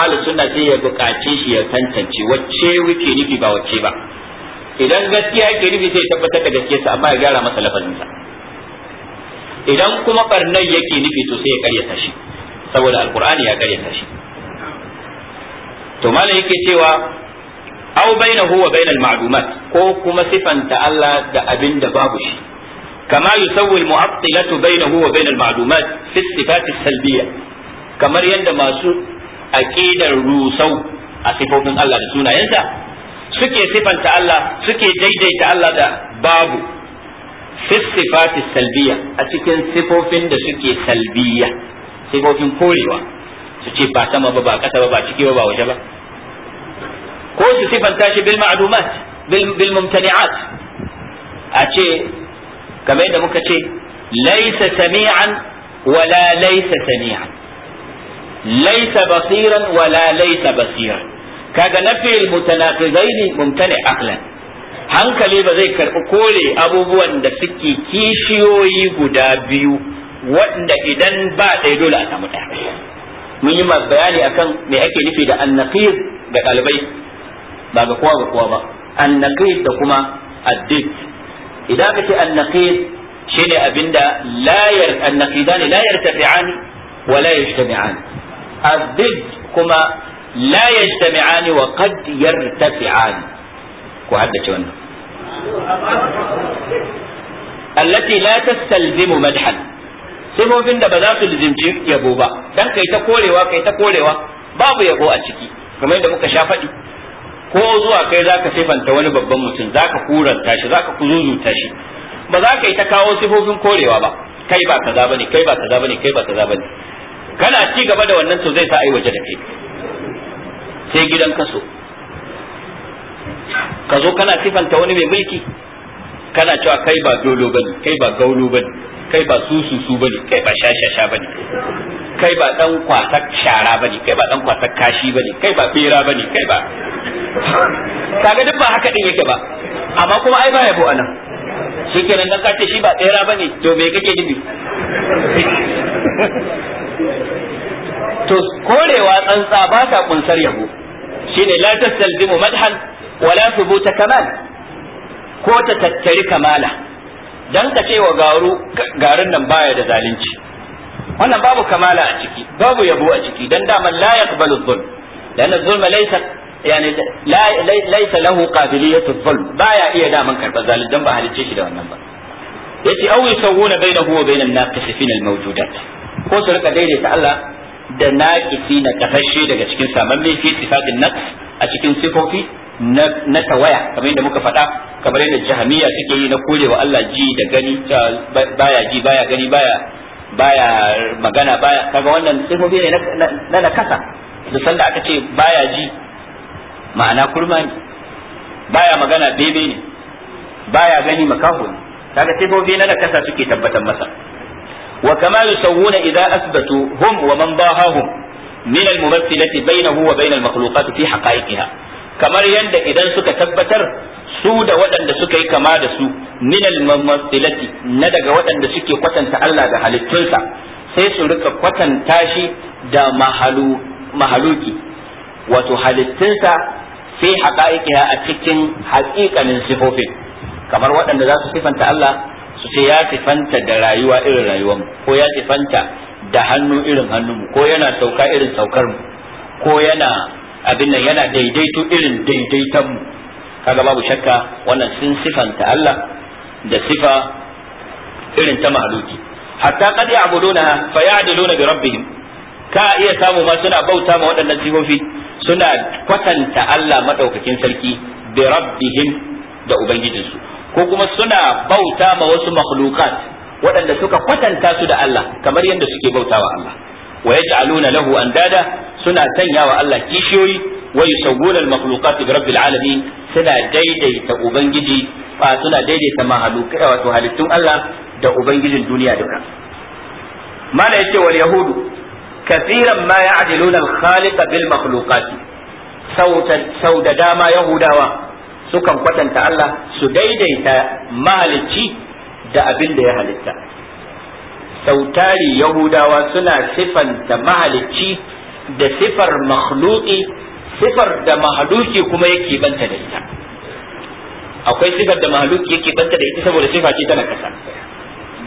ahlus sunna sai ya buƙace shi ya tantance wacce wuke nufi ba wacce ba idan gaskiya yake nufi sai tabbatar da gaskiyarsa amma ya gyara masa lafazinsa idan kuma barnai yake nufi to sai ya karyata shi saboda alqur'ani ya karyata shi to malam yake cewa aw baina huwa bainal ma'lumat ko kuma sifanta Allah da abin da babu shi kama yusawwi al-mu'attilatu huwa baina bainal ma'lumat fi sifat salbiyya kamar yadda masu aqidar rusau a sifofin Allah da sunayensa suke sifanta Allah suke daidaita Allah da babu fi sifati salbiya a cikin sifofin da suke salbiya sifofin korewa su ce ba sama ba ba kasa ba ba ciki ba ba waje ba ko su sifanta shi bil ma'dumat bil mumtani'at a ce kamar yadda muka ce laysa sami'an wala laysa sami'an Laisa basiran wala laisa basiran kaga nafil mutanaqidaini mumtani aqlan hankali ba zai karbi kore abubuwan da suke kishiyoyi guda biyu wanda idan ba ɗaya dole a samu ɗaya mun yi bayani akan me ake nufi da annaqid ga ɗalibai ba ga kowa ga kowa ba annaqid da kuma addid idan ka ce annaqid shine abinda la yar annaqidan la yartafi'ani wa la yajtami'an addid kuma la يجتمعان wa يرتفعان كو ku haddace wannan allati la tastalzimu madhan sifofin da ba za su lizimci yabo ba dan kai ta korewa kai ta korewa babu yabo a ciki kamar yadda muka sha faɗi ko zuwa kai zaka sifanta wani babban mutum zaka kuranta shi zaka kuzuzuta shi ba za ka yi ta kawo sifofin korewa ba kai ba kaza bane kai ba kaza bane kai ba kaza bane kana ci gaba da wannan to zai sa aiwaje da kai sai gidan kaso ka zo kana sifanta wani mai mulki kana cewa kai ba dolo bane kai ba gaulo bane kai ba susu su bane kai ba shashasha bane kai ba dan kwasa shara bane kai ba dan kwasa kashi bane kai ba bera bane kai ba kaga duk ba haka din yake ba amma kuma ai ba yabo anan shikenan dan kace shi ba bera bane to me kake dubi to korewa tsantsa ba ta kunsar yabo shine la tastalzimu madhan wala thubuta kamal ko ta tattari kamala dan ka cewa garu garin nan baya da zalunci wannan babu kamala a ciki babu yabo a ciki dan daman la yaqbalu dhulm dan dhulma laysa yani laysa lahu qabiliyatu dhulm baya iya daman karba zalunci dan ba halice shi da wannan ba yace aw yusawuna bainahu wa bainan naqisi fil mawjudat ko su rika daidaita Allah da naqisi na kasashe daga cikin saman fi sifatin naqs a cikin sifofi na tawaya kamar yadda muka faɗa kamar yadda jahamiya suke yi na wa Allah ji da gani baya ji baya gani baya baya magana baya kaga wannan sifofi ne na nakasa da sanda aka ce baya ji ma'ana kurma ne baya magana bebe ne baya gani makaho ne kaga sifofi na nakasa suke tabbatar masa wa kama yusawwuna idza asbatu hum wa man dahahum min al-mumathilati bainahu wa bain al-makhluqat fi haqa'iqiha kamar yadda idan suka tabbatar su da waɗanda suka yi kama da su minal mamasilati na daga waɗanda suke kwatanta Allah da halittunsa sai su rika kwatanta shi da mahaluki wato halittunsa fi haƙa'iƙiya a cikin haƙiƙanin sifofin kamar waɗanda za su sifanta Allah su ce ya sifanta da rayuwa irin rayuwar mu ko ya tifanta da hannu irin hannun mu ko yana sauka irin saukar mu ko yana abin nan yana daidaito irin daidaiton mu kaga babu shakka wannan sun sifanta Allah da sifa irin ta mahaluki hatta qad ya'buduna fa ya'diluna bi rabbihim ka iya samu ma suna bauta ma waɗannan sifofi suna kwatanta Allah madaukakin sarki bi rabbihim da ubangijinsu ko kuma suna bauta ma wasu makhluqat waɗanda suka kwatanta su da Allah kamar yadda suke bautawa Allah wa yaj'aluna lahu andada suna sanya wa Allah kishiyoyi wa yusawwuna al-makhluqat bi rabbil alamin suna daidaita ubangiji ba suna daidaita mahalukai wato halittun Allah da ubangijin duniya duka mala yace wal yahudu kathiran ma ya'diluna al-khaliq bil makhluqat sau da dama yahudawa sukan kwatanta Allah su daidaita maliki da abin da ya halitta sautari yahudawa suna da mahalicci da sifar makhluki sifar da mahaluki kuma yake banta da ita akwai sifar da mahaluki yake banta da ita saboda sifa ce tana kasa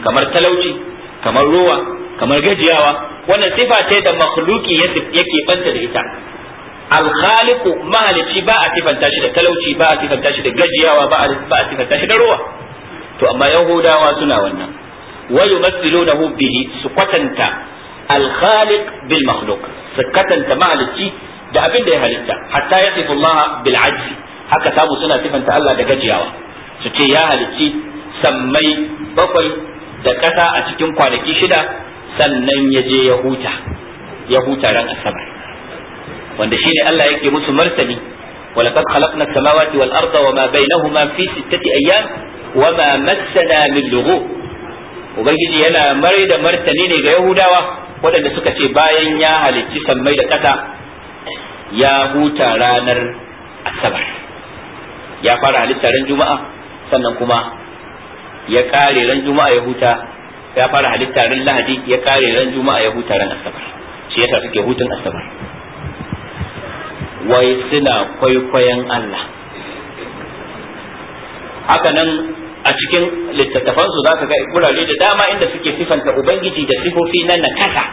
kamar talauci kamar ruwa kamar gajiyawa wannan sifa ce da makhluki yake banta da ita alkhaliqu mahalici ba a sifanta shi da talauci ba a sifanta shi da gajiyawa ba a sifanta shi da ruwa to amma yahudawa suna wannan wa yumassilunahu bihi su kwatanta alkhalik bil makhluq su kwatanta mahalici da abin da ya halitta hatta yasifu Allah bil haka samu suna sifanta Allah da gajiyawa su ce ya halici sammai bakwai da ƙasa a cikin kwanaki shida sannan ya je ya huta ya huta ran asabar wanda shi ne Allah yake musu martani ولقد خلقنا السماوات والأرض وما بينهما في ستة أيام وما مسنا من لغوب ubangiji yana mare da martani ne ga yahudawa waɗanda suka ce bayan ya halicci sammai da ƙasa ya huta ranar asabar ya fara halitta ran juma'a sannan kuma ya kare ran juma'a ya huta ya fara halitta ran lahadi ya kare ran juma'a ya huta ran asabar shi yasa suke hutun asabar wai suna kwaikwayon Allah haka nan a cikin littattafansu za ka ga kurare da dama inda suke sifanta ubangiji da sifofi na nakasa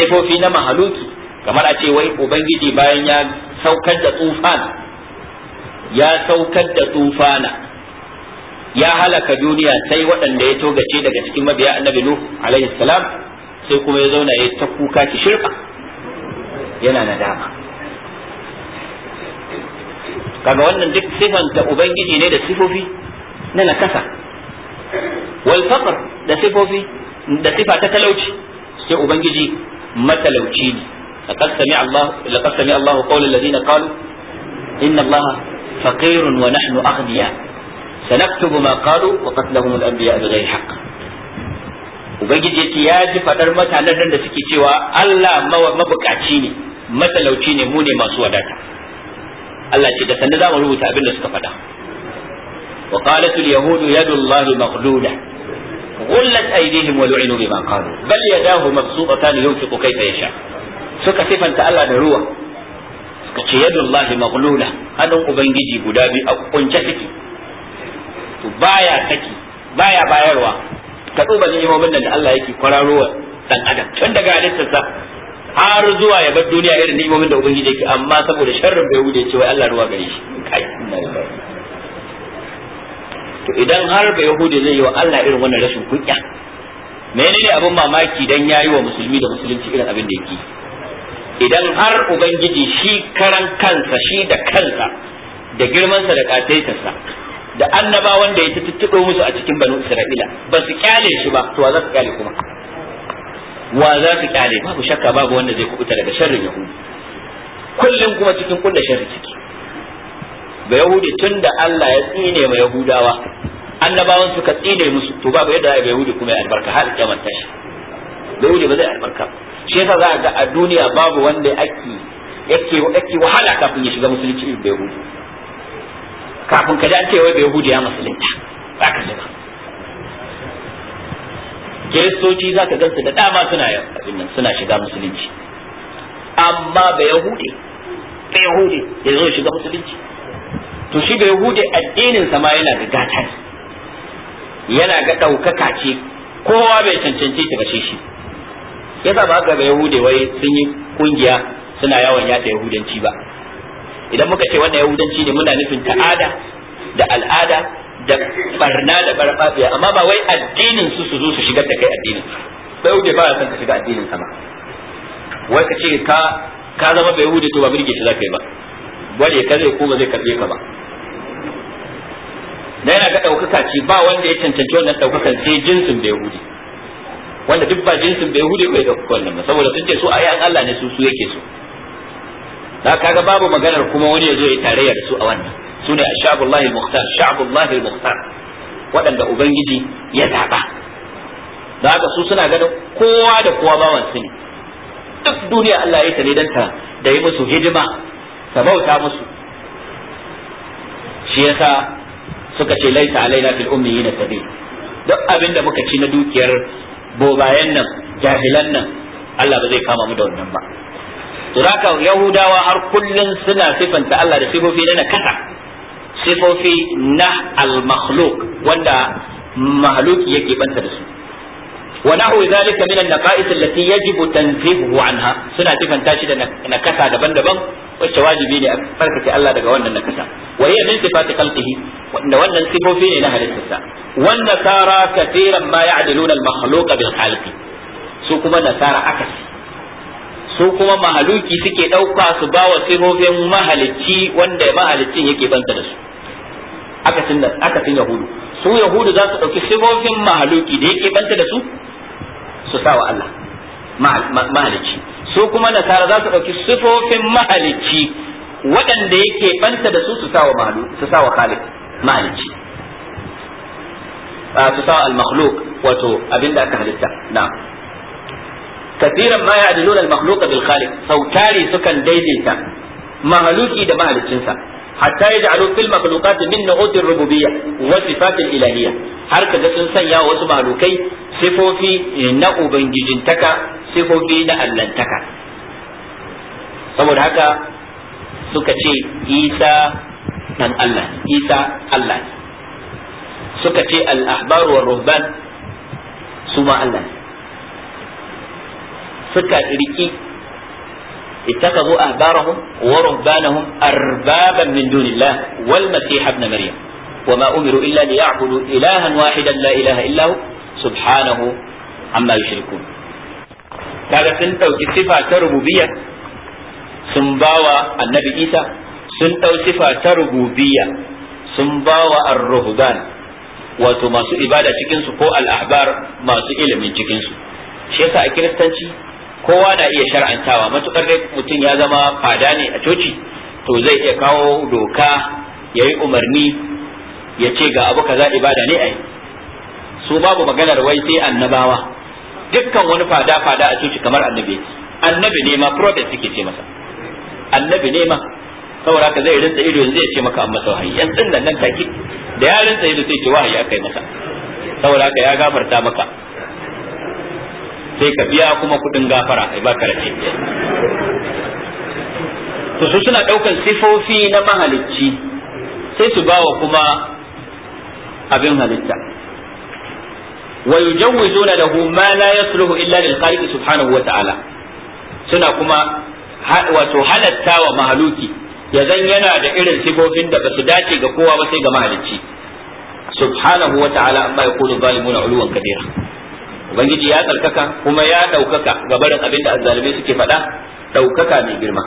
sifofi na mahaluki kamar a ce wai ubangiji bayan ya saukar da tsufana ya saukar da tsufana ya halaka duniya sai waɗanda ya togace daga cikin mabiya annabi nuh alaihi salam sai kuma ya zauna ya ta kuka ki shirka yana nadama kaga wannan duk sifanta ubangiji ne da sifofi na nakasa wal faqr da sifofi da sifa ta talauci sai ubangiji matalauci ne laqad sami'a Allah laqad sami'a Allah qawla alladhina qalu inna Allah faqirun wa nahnu aghniya sanaktubu ma qalu wa qatlahum al-anbiya bighayri haqq ubangiji yace ya ji fadar mutanen da suke cewa Allah mabukaci ne matalauci ne mu ne masu wadata Allah ce da sanda za mu rubuta abin da suka faɗa wa qalat al yahud yadu Allah maghluda غلت أيديهم ولعنوا بما قالوا بل يداه مبسوطتان ينفق كيف يشاء suka sifanta Allah da ruwa suka ce yadullahi maghlula hannun ubangiji guda biyu a kunce suke to baya saki baya bayarwa ka duba ni'imomin da Allah yake kwararowa dan adam tun daga halittarsa har zuwa ya bar duniya irin ni'imomin da ubangiji yake amma saboda sharrin bai wuce cewa Allah ruwa gare shi kai ba. to idan har bai hude zai yi wa Allah irin wannan rashin kunya menene abin mamaki dan yayi wa musulmi da musulunci irin abin da yake idan har ubangiji shi karan kansa shi da kansa da girmansa da kataitarsa da annaba wanda ya tattaɗo musu a cikin banu isra'ila ba su kyale shi ba to za su kyale kuma wa za su kyale babu shakka babu wanda zai kubuta daga sharrin yahudi kullum kuma cikin kulle sharri ciki ga yahudi tun da Allah ya tsine ma yahudawa annabawan suka tsine musu to babu yadda ya yahudi kuma ya albarka har kiyamar tashi yahudi ba zai albarka shi yasa za a ga a duniya babu wanda ake yake yake wahala kafin ya shiga musulunci da yahudi kafin ka ji an ce wai yahudi ya musulunta ba ka ji ba kiristoci za ka gansu da dama suna suna shiga musulunci amma ba yahudi ba yahudi ya zo shiga musulunci to shi ba yahudi addinin sa ma yana ga gata yana ga ɗaukaka ce kowa bai cancanci ta gashe shi yasa ba ga ba yahudi wai sun yi kungiya suna yawon ta yahudanci ba idan muka ce wannan yahudanci ne muna nufin ta'ada da al'ada da barna da barfafiya amma ba wai addinin su su zo su shigar da kai addinin bai wuce ba san ka shiga addinin sama wai ka ce ka ka zama bai wuce to ba birge shi zaka yi ba wale ka zai ko ba zai karbe ka ba na yana ga daukaka ce ba wanda ya cancanci wannan daukakan sai jinsin bai wuce wanda duk ba jinsin bai wuce bai dauka wannan ba saboda sun ce su ayan Allah ne su su yake so da kaga babu maganar kuma wani ya zo ya tarayya da su a wannan sune ashabullahi al-mukhtar sha'bullahi waɗanda ubangiji ya zaɓa da haka su suna ganin kowa da kowa bawan su ne duk duniya Allah ya ta ne dan ta da yi musu hidima ta bauta musu shi yasa suka ce laisa alaina fil ummiyina sabil duk abin da muka ci na dukiyar bobayen nan jahilan nan Allah ba zai kama mu da wannan ba to yahudawa har kullun suna sifanta Allah da sifofi na kasa sifofi na al-makhluq wanda mahaluki yake banta da su wa nahu zalika min an-naqa'is allati yajibu tanzihuhu anha suna tifanta shi da nakasa daban-daban wacce wajibi ne a farkace Allah daga wannan nakasa wa hiya min sifati khalqihi wanda wannan sifofi ne na halittarsa wan nasara kathiran ma ya'diluna al-makhluq bil khalqi su kuma nasara akasi su kuma mahaluki suke ɗauka su bawa sifofin mahalicci wanda mahalicin yake banta da su akasin da akasin yahudu su yahudu za su dauki sifofin mahaluki da yake banta da su su sa wa Allah mahalicci su kuma nasara za su dauki sifofin mahalicci waɗanda yake banta da su su sa wa mahalu su sa wa khaliq mahalicci ah, su sa al makhluq wato abinda aka halitta na'am كثيرا ما يعدلون المخلوق بالخالق سوتاري سكن ديديتا مهلوكي دا مهلكينسا hatta yaj'alu fil makhluqati min nu'utir rububiyyah wa sifatil ilahiyyah har kaga sun sanya wasu malukai sifofi eh, na ubangijintaka sifofi na allantaka saboda haka suka ce Isa dan Allah Isa Allah suka ce al-ahbar wa ruhban su ma Allah suka riki اتخذوا أحبارهم ورهبانهم أربابا من دون الله والمسيح ابن مريم وما أمروا إلا ليعبدوا إلها واحدا لا إله إلا هو سبحانه عما يشركون kaga sun ɗauki sifa ta rububiyya sun bawa annabi isa sun ɗau sifa ta rububiyya sun bawa ar-ruhban wato masu ibada cikinsu ko al-ahbar masu ilimin cikinsu shi yasa a kiristanci kowa na iya shar'antawa matukar dai mutum ya zama fada ne a coci to zai iya kawo doka ya yi umarni ya ce ga abu kaza ibada ne a yi su babu maganar wai sai annabawa dukkan wani fada fada a coci kamar annabi annabi ne ma prophet suke ce masa annabi ne ma saboda ka zai rinsa ido yanzu ya ce maka amma sauhayi yan tsinnan nan take da ya rinsa ido sai ce wahayi akai masa saboda ka ya gafarta maka sai ka biya kuma kuɗin gafara ai baka rake to su suna ɗaukar sifofi na mahalicci sai su bawa kuma abin halitta wa yujawwizuna lahu ma la yasluhu illa lil khaliq subhanahu wa ta'ala suna kuma wato halatta wa mahaluki ya zan yana da irin sifofin da basu dace ga kowa ba sai ga mahalicci subhanahu wa ta'ala amma yaqulu zalimuna uluwan kabira ubangiji ya tsarkaka kuma ya ɗaukaka ga barin abin da azzalimai suke faɗa ɗaukaka mai girma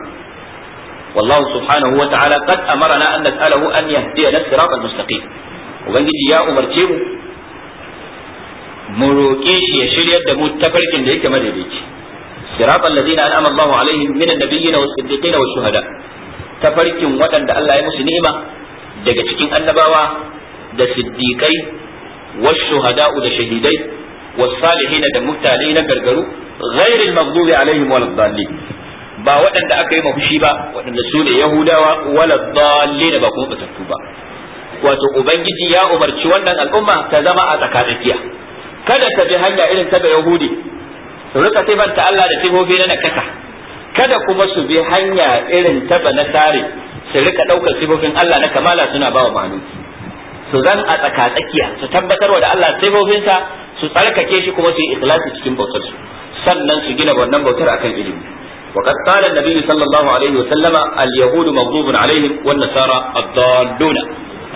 wallahu subhanahu wa ta'ala qad amarna an nas'alahu an yahdiyana siratal mustaqim ubangiji ya umarce mu mu roƙe shi ya shiryar da mu tafarkin da yake madaidaici siratal ladina an'ama Allahu alaihim minan nabiyyin was siddiqin was shuhada tafarkin waɗanda Allah ya musu ni'ima daga cikin annabawa da siddiqai wa shuhada da shahidai والصالحين da mutane na gargaru غير المغضوب عليهم ولا الضالين ba waɗanda aka yi mafushi ba waɗanda su ne yahudawa wala dalil ba kuma batattu ba wato ubangiji ya umarci wannan al'umma ta zama a tsakatsakiya kada ta bi hanya irin ta ga yahudi su rika sifanta Allah da sifofi na nakasa kada kuma su bi hanya irin ta ba nasare su rika ɗaukar sifofin Allah na kamala suna ba wa su zan a tsakatsakiya su tabbatarwa da Allah sifofinsa su tsarkake shi kuma su yi ikhlasi cikin bautar sannan su gina wannan bautar akan ilimi وقد قال النبي صلى الله عليه وسلم اليهود مغضوب عليهم والنصارى الضالون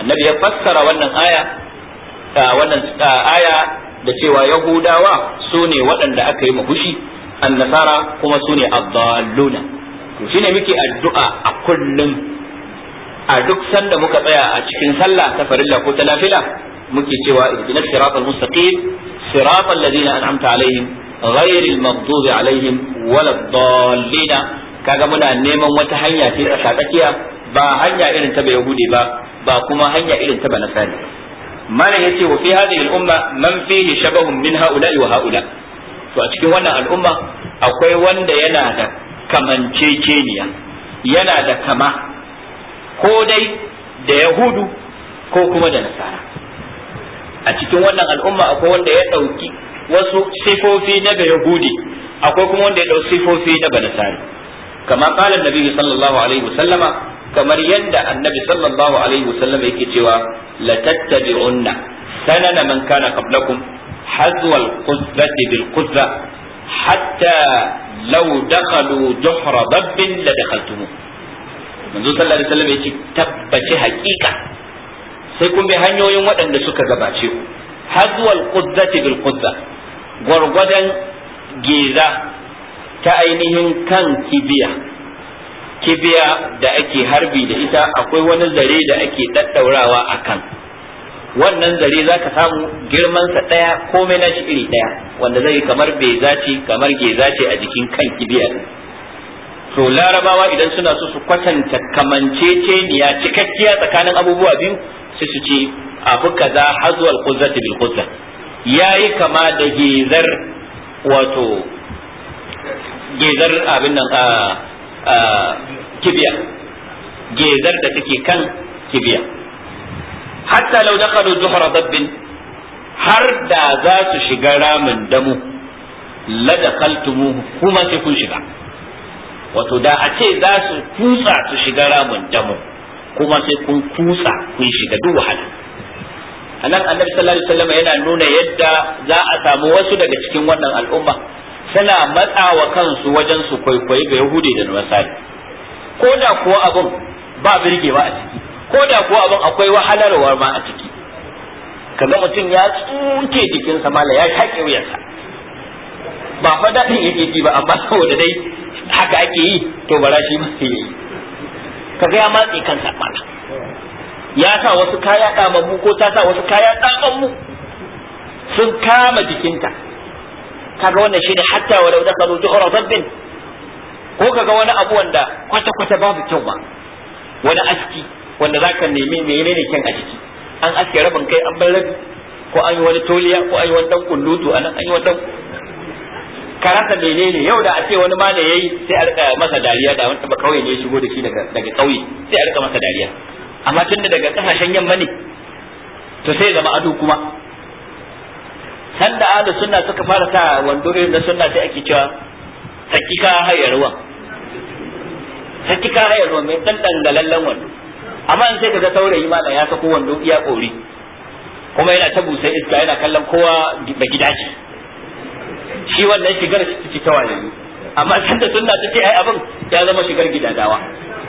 النبي يفسر wannan aya wannan aya da cewa yahudawa sune waɗanda aka yi mahushi annasara kuma sune ne addaluna to shine muke addu'a a kullum a duk sanda muka tsaya a cikin sallah ta farilla ko ta nafila muke cewa ihdinas siratal mustaqim siratal ladina an'amta alaihim ghayril maghdubi alaihim waladdallin kaga muna neman wata hanya ce tsakatsakiya ba hanya irin ta yahudi ba ba kuma hanya irin ta nasari malam yace wa fi hadhihi al-umma man fihi shabahun min ha'ula'i wa ha'ula to a cikin wannan al'umma akwai wanda yana da kamanceceniya yana da kama ko dai da yahudu ko kuma da nasara a cikin wannan al'umma akwai wanda ya ɗauki wasu sifofi na ga yahudi akwai kuma wanda ya ɗauki sifofi na ga nasari kama kala nabi sallallahu alaihi wasallama kamar yadda annabi sallallahu alaihi wasallama yake cewa la tattabi'unna sanana man kana qablakum hazwa al-qudrati bil qudra hatta law dakhalu juhra dabbin la dakhaltumuh manzo sallallahu alaihi wasallam yace tabbaci haqiqa sai kun bi hanyoyin waɗanda suka gabace ku Hazuwal quddati bil qudza gwargwadon geza ta ainihin kan kibiya kibiya da ake harbi da ita akwai wani zare da ake daddaurawa a kan wannan zare za ka samu girmansa ɗaya ko na shi iri ɗaya wanda zai kamar beza ce kamar geza ce a jikin kan kibiya to larabawa idan suna so su kwatanta kamanceceniya cikakkiya tsakanin abubuwa biyu sai su ce abu kaza hazu al-quzzati bil quzza yayi kama da gezar wato gezar abin nan a kibiya gezar da take kan kibiya hatta law dakhalu zuhra dabbin har da za su shiga ramin damu la dakhaltumuhu kuma sai kun shiga wato da a ce za su kutsa su shiga ramin damu kuma sai kun kusa kun shiga duk wahala anan annabi sallallahu alaihi wasallam yana nuna yadda za a samu wasu daga cikin wannan al'umma suna matsawa kansu wajen su kwaikwayi ga yahudi da nasara ko kuwa abun ba birgewa a ciki ko kuwa abun akwai wahalarwa ma a ciki kaga mutum ya tsuke jikinsa mala ya shaƙe wuyarsa ba fa daɗin yake ji ba amma saboda dai haka ake yi to barashi shi ma sai ka ga ya matse kansa mana ya sa wasu kaya mu ko ta sa wasu kaya mu. sun kama jikinta kaga wannan shine hatta walau dakhalu juhra dabbin ko kaga wani abu wanda kwata kwata babu kyau ba wani aski wanda zaka nemi ne kyan a jiki an aske rabin kai an bar rabi ko an yi wani toliya ko an yi wani dan kullutu anan an yi wani ka rasa menene yau da a ce wani ma da yayi sai a rika masa dariya da wani ba kauye ne ya shigo da shi daga daga kauye sai a rika masa dariya amma tunda daga kasashen yamma ne to sai zama ado kuma sanda da sunna suka fara sa wando irin da sunna sai ake cewa sakika hayar ruwan sakika hayar ruwan mai ga lallan wando amma in sai kaga saurayi ma da ya sako wando iya kori kuma yana ta busa iska yana kallon kowa da gidaje shi wannan shigar ciki ta wajibi amma tun da sunna ta ai abin ya zama shigar gidadawa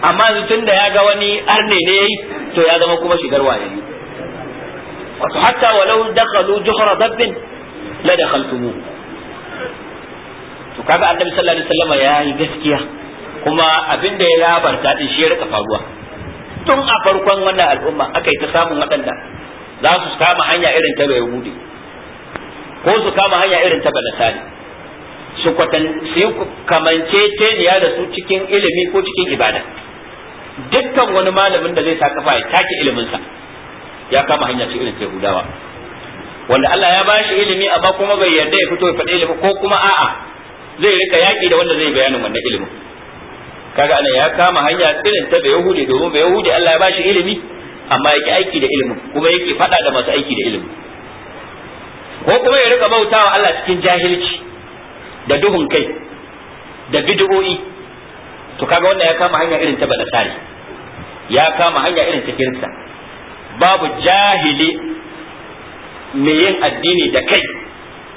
amma yanzu tun da ya ga wani arne ne yayi to ya zama kuma shigar wajibi wato hatta walau dakhalu juhra dabbin la dakhaltumu to kaga annabi sallallahu alaihi wasallam ya yi gaskiya kuma abinda ya labarta din shi ya rika faruwa tun a farkon wannan al'umma aka ta samun waɗanda za su kama hanya irin ta bai buɗe. ko su kama hanya irin ta Sani, su kwatan su kamanceceniya da su cikin ilimi ko cikin ibada dukkan wani malamin da zai sa kafa ya take iliminsa ya kama hanya su irin ta Yahudawa wanda Allah ya bashi ilimi amma kuma bai yarda ya fito ya faɗi ilimi ko kuma a'a zai rika yaki da wanda zai bayanin wannan ilimin kaga ana ya kama hanya irin ta Yahudi domin bai Yahudi Allah ya bashi ilimi amma yake aiki da ilimin kuma yake faɗa da masu aiki da ilimin ko kuma ya rika bautawa Allah cikin jahilci da duhun kai da bid'o'i to kaga wannan ya kama hanya irin ta balasari ya kama hanya irin ta kirista babu jahili mai yin addini da kai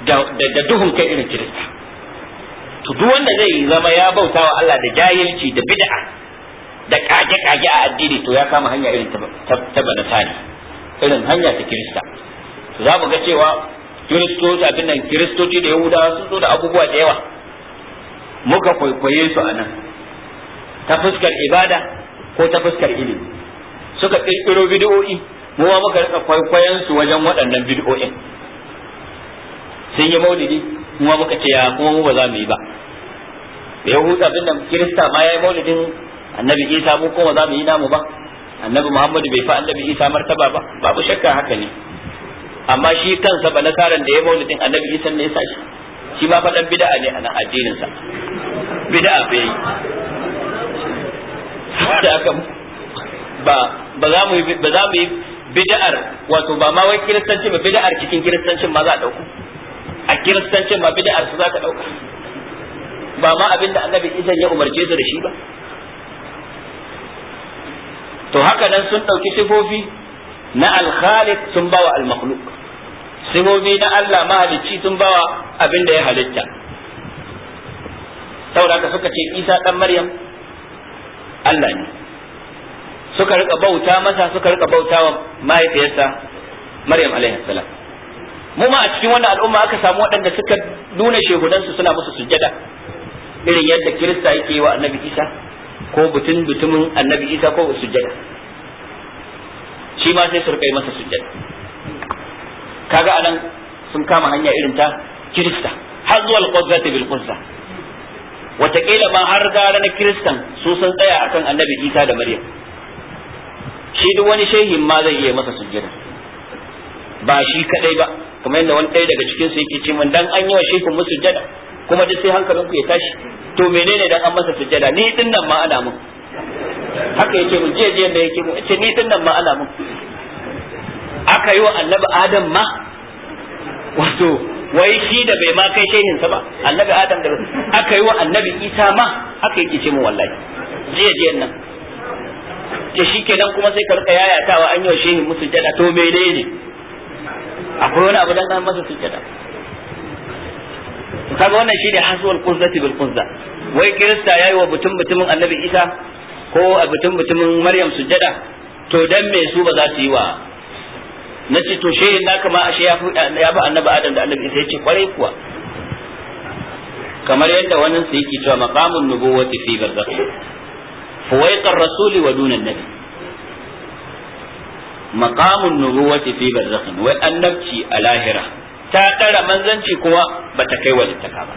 da duhun kai irin kirista to duk wanda zai zama ya bauta wa Allah da jahilci da bid'a da kage-kage a addini to ya kama hanya irin ta banasani irin hanya ta kirista za mu ga cewa kiristoci abin nan kiristoci da yahudawa sun zo da abubuwa da yawa muka kwaikwaye su a nan ta fuskar ibada ko ta fuskar ilimi suka kirkiro bid'o'i mu ma muka rika kwaikwayen su wajen waɗannan bid'o'in sun yi maulidi mu ma muka ce ya kuma mu ba za mu yi ba yahuda abin nan kirista ma ya yi maulidin annabi isa mu kuma za mu yi namu ba annabi muhammadu bai fa annabi isa martaba ba babu shakka haka ne amma shi kansa ba na karan da ya maulidin annabi isa ne sa shi shi ma faɗan bid'a ne a addinin sa bid'a bai yi da aka ba ba za mu ba za mu yi bid'ar wato ba ma wai kiristanci ba bid'ar cikin kiristancin ma za a dauko a kiristancin ma bid'ar su za ka dauka ba ma abin da annabi isa ya umarce su da shi ba to haka nan sun dauki sifofi na al al-khaliq sun bawa al-makhluq sifofi na Allah mahalicci sun bawa abin da ya halitta saboda suka ce Isa dan Maryam Allah ne suka rika bauta masa suka rika bauta wa mahaifiyarsa Maryam alaihi salam mu ma a cikin wannan al'umma aka samu waɗanda suka nuna shehudansu suna musu sujjada irin yadda Kirista yake yi wa Annabi Isa ko butun butumin Annabi Isa ko sujjada shi ma sai su rika yi masa sujjada kaga anan sun kama hanya irin ta kirista har zuwa alquzzati bil quzza wataƙila ma har gara na kiristan su sun tsaya akan annabi isa da maryam shi duk wani shehin ma zai iya masa sujjada ba shi kadai ba kuma yadda wani ɗaya daga cikin su yake ce min dan an yi wa shehin musu sujjada kuma duk sai hankalin ku ya tashi to menene dan an masa sujjada ni din nan ma ana mun haka yake mun je je da yake mun ce ni din nan ma ana mun aka yi wa annabi adam ma wato wai shi da bai ma kai shehin sa ba annabi adam da aka yi wa annabi isa ma aka yake ce mu wallahi jiya jiyan nan ke shi kenan kuma sai ka rika yayatawa an wa shehin musu jada to me dai ne akwai wani abu dan an masa jada. kaga wannan shi ne hasuwal quzzati bil kunza wai kirista yayi wa mutum mutumin annabi isa ko a mutum mutumin maryam sujjada to dan me su ba za su yi wa na ce to shehin naka ma ashe ya fi annabi adam da annabi isa ya ce kwarai kuwa kamar yadda wannan su yake cewa maqamun nubuwati fi barzakh fuwaiqar rasuli wa dunan nabi maqamun nubuwati fi barzakh wai annabci a lahira ta dara manzanci kuma bata kai walittaka ba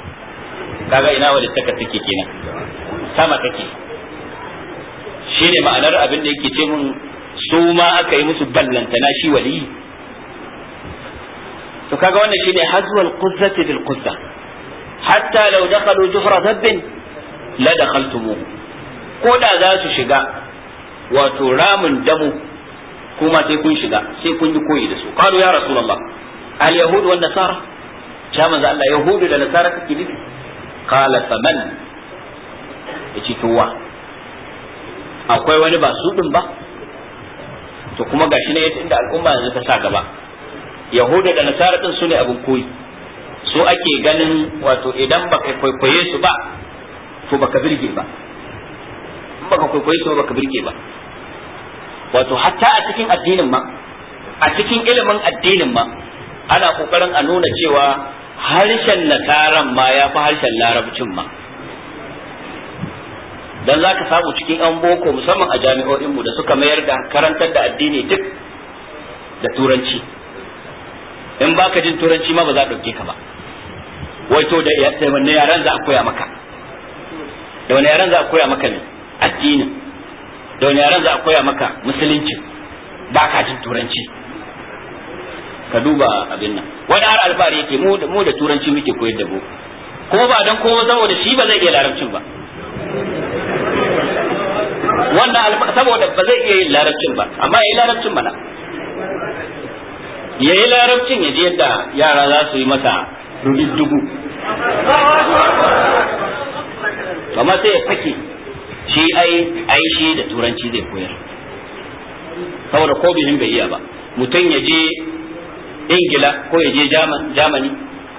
kaga ina walittaka take kenan sama take shine ma'anar abin da yake ce mun su ma aka yi musu ballantana shi waliyi to kaga wannan shine hazwal quzzati bil quzza hatta law dakhalu juhra dhabbin la dakhaltumu ko da za su shiga wato ramin damu kuma sai kun shiga sai kun yi koyi da su qalu ya rasulullah al yahud wan nasara ya manzo Allah yahudu da nasara kake nufi qala faman yace to wa akwai wani ba su din ba to kuma gashi ne inda al'umma yanzu ta sa gaba yahuda da nasara din su ne abin koyi su ake ganin wato idan baka kwaikwaye su ba to baka birge ba in baka kwaikwaye su baka birge ba wato hatta a cikin addinin ma a cikin ilimin addinin ma ana kokarin a nuna cewa harshen nasaran ma ya fi harshen larabcin ma dan za ka samu cikin yan boko musamman a jami'o'inmu da suka mayar da karantar da addini duk da turanci in baka jin turanci ma ba za ɗauke ka ba wai to da wani yaran za a koya maka da wani yaran za a koya maka ne addini da wani yaran za a koya maka musulunci ba ka jin turanci ka duba abin nan wani har alfahari yake mu da turanci muke koyar da boko kuma ba don kowa saboda shi ba zai iya larabcin ba wannan saboda ba zai iya yin larabcin ba amma yi larabcin mana yi larabcin ya je yadda yara za su yi masa dubu. amma sai ya fake shi ai ai shi da turanci zai koyar saboda ko bihin bai iya ba mutum ya je ingila ko ya je jamani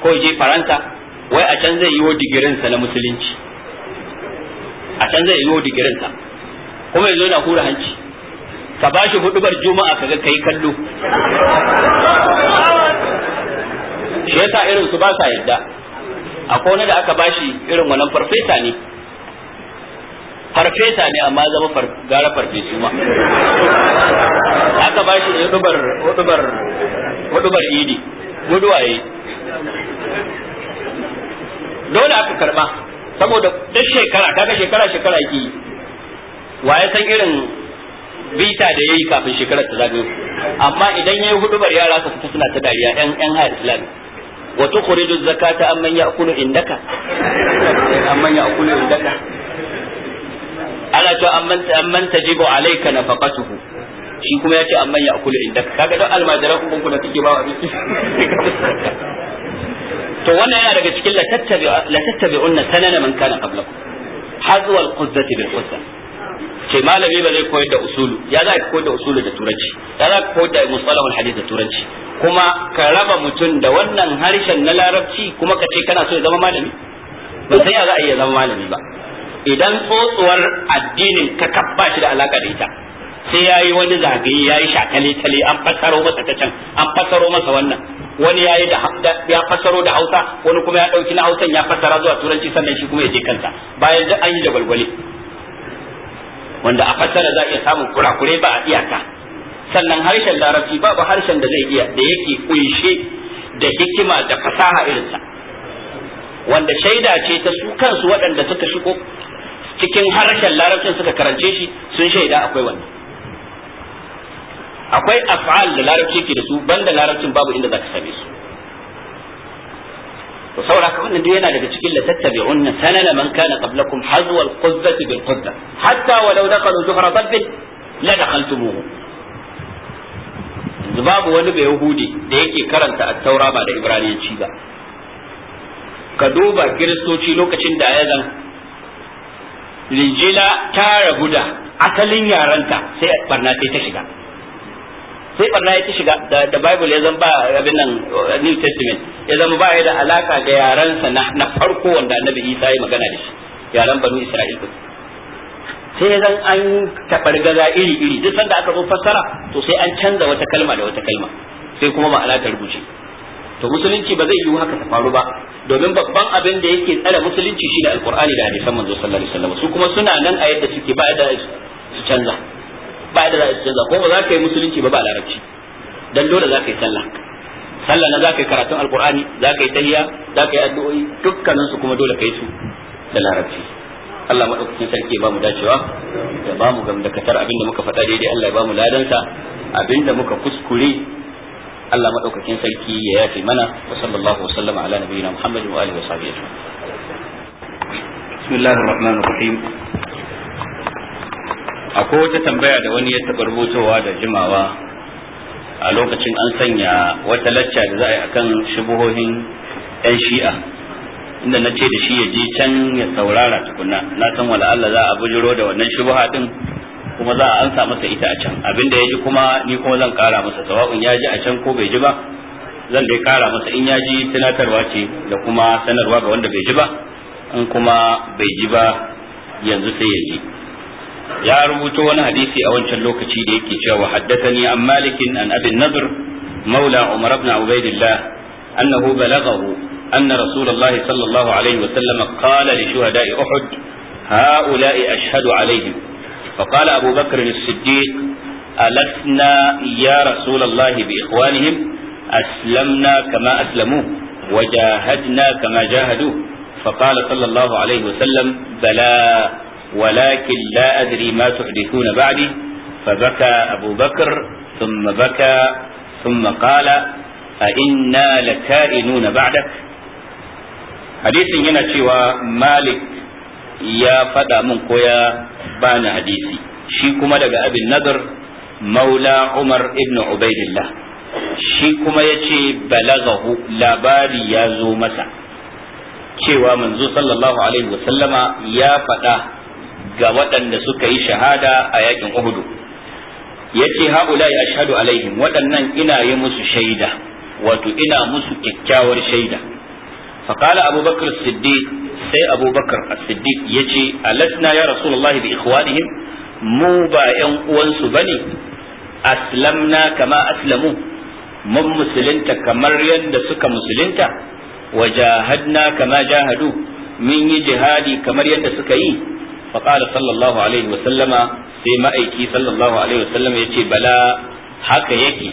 ko ya je faransa wai a can zai yi wa digirinsa na musulunci a can zai yiwo digirin sa. kuma yanzu yana hura hanci ka ba shi hudubar juma'a kaga kai kallo shi yasa irin su ba sa yadda a kone da aka bashi irin wannan farfesa ne farfesa ne amma zama gara farfesu ma aka bashi hudubar hudubar hudubar idi guduwaye dole aka karba saboda duk shekara kaga shekara shekara yake wa ya san irin bita da yayi kafin shekarar ta zagayo amma idan yayi hudubar yara su fita suna ta dariya yan ɗan hayar islam wa tukhrijuz zakata amman ya'kulu indaka amman ya'kulu indaka Ala to amman amman tajibu alayka nafaqatuhu shi kuma yace amman ya'kulu indaka kaga dan almajiran kun ku da kike ba wa biki to wannan yana daga cikin la tattabi'unna sanana man kana qablakum hazwa al-quzzati bil quzza ce malami ba zai koyar da usulu ya za ka koyar da usulu da turanci ya za ka koyar da musalahul hadith da turanci kuma ka raba mutum da wannan harshen na larabci kuma ka ce kana so ya zama malami ba sai ya za a iya zama malami ba idan tsotsuwar addinin ka kabba shi da alaka da ita sai ya yi wani zagaye ya yi shakale tale an fasaro masa ta can an fasaro masa wannan wani ya yi ya fasaro da hausa wani kuma ya ɗauki na hausan ya fassara zuwa turanci sannan shi kuma ya je kansa bayan duk an yi da gwalgwale wanda a fasara za a iya samun kurakure ba a iyaka sannan harshen larabci babu harshen da zai iya da yake kunshe da hikima da fasaha irin sa, wanda shaida ce ta su kansu waɗanda suka shigo cikin harshen larabcin suka karance shi sun shaida akwai wannan akwai af'al da larabci yake da su banda larabcin babu inda zaka same su to saboda wannan duk yana daga cikin la tattabi'unna sanana man kana qablakum hazwa al-quzzati bil qudda hatta walau dakalu zuhra dabbin la dakhaltumuhu babu wani bai yahudi da yake karanta a taura ba da ibraniyanci ba ka duba kiristoci lokacin da ya zan rijila ta rabu da asalin yaranta sai barna sai ta shiga sai barna ya ci shiga da bible ya zama ba abin nan new testament ya zama ba ya da alaka da sa na farko wanda annabi isa ya magana da shi Yaran banu isra'il din sai zan an tabar gaza iri iri duk sanda aka zo fassara to sai an canza wata kalma da wata kalma sai kuma ma'ana alaka rubuce to musulunci ba zai yiwu haka ta faru ba domin babban abin da yake tsare musulunci shi da alqur'ani da hadisan manzo sallallahu alaihi wasallam su kuma suna nan a yadda suke ba da su canza ba da za a canza ko ba za ka yi musulunci ba ba larabci dan dole za ka yi sallah sallah na za ka yi karatun alqur'ani za ka yi tahiyya za ka yi addu'o'i dukkanin su kuma dole ka yi su da larabci Allah madaukakin sarki ya bamu dacewa ya bamu gamdakatar abinda muka faɗa daidai Allah ya bamu ladansa abinda muka kuskure Allah madaukakin sarki ya yafe mana wa sallallahu wasallama ala nabiyina Muhammadin wa alihi wa sahbihi بسم الله الرحمن الرحيم akwai wata tambaya da wani ya taɓa rubutowa da jimawa a lokacin an sanya wata lacca da za a yi akan shubuhohin 'yan shi'a inda na ce da shi ya je can ya saurara tukuna na san wala Allah za a bujiro da wannan shubuha din kuma za a ansa masa ita a can abinda ya ji kuma ni kuma zan kara masa sawa'un ya ji a can ko bai ji ba zan dai kara masa in ya ji tunatarwa ce da kuma sanarwa ga wanda bai ji ba in kuma bai ji ba yanzu sai ya ji ya rubuta wani hadisi a wancan lokaci da yake cewa haddathani an malikin an abin nadr maula umar ibn ubaidillah annahu balaghahu anna rasulullahi sallallahu alaihi wa sallam qala li shuhada'i uhud هؤلاء أشهد عليهم فقال أبو بكر الصديق ألسنا يا رسول الله بإخوانهم أسلمنا كما أسلموه وجاهدنا كما جاهدوه فقال صلى الله عليه وسلم بلى ولكن لا أدري ما تحدثون بعدي فبكى أبو بكر ثم بكى ثم قال أئنا لكائنون بعدك حديث هنا شوى مالك يا فدا من قويا بان حديثي شيكما لقى أبي النضر مولى عمر ابن عبيد الله shi kuma ya ce balagahu labari ya zo masa cewa manzo sallallahu alaihi wasallama ya faɗa ga waɗanda suka yi shahada a yakin Uhudu yace haula'i ashhadu alaihim waɗannan ina yi musu shaida wato ina musu kyakkyawar shaida فقال Abubakar بكر sai abubakar أبو بكر الصديق ya ألسنا يا رسول الله mu ba ‘yan uwansu ba ne, aslamna kama aslamu, mun musulunta kamar yadda suka musulunta, wa jahadna kama jahadu, mun yi jihadi kamar yadda suka yi, fa sallallahu alaihi wa sallama sai ma'aiki sallallahu alaihi wa sallama yace bala haka yake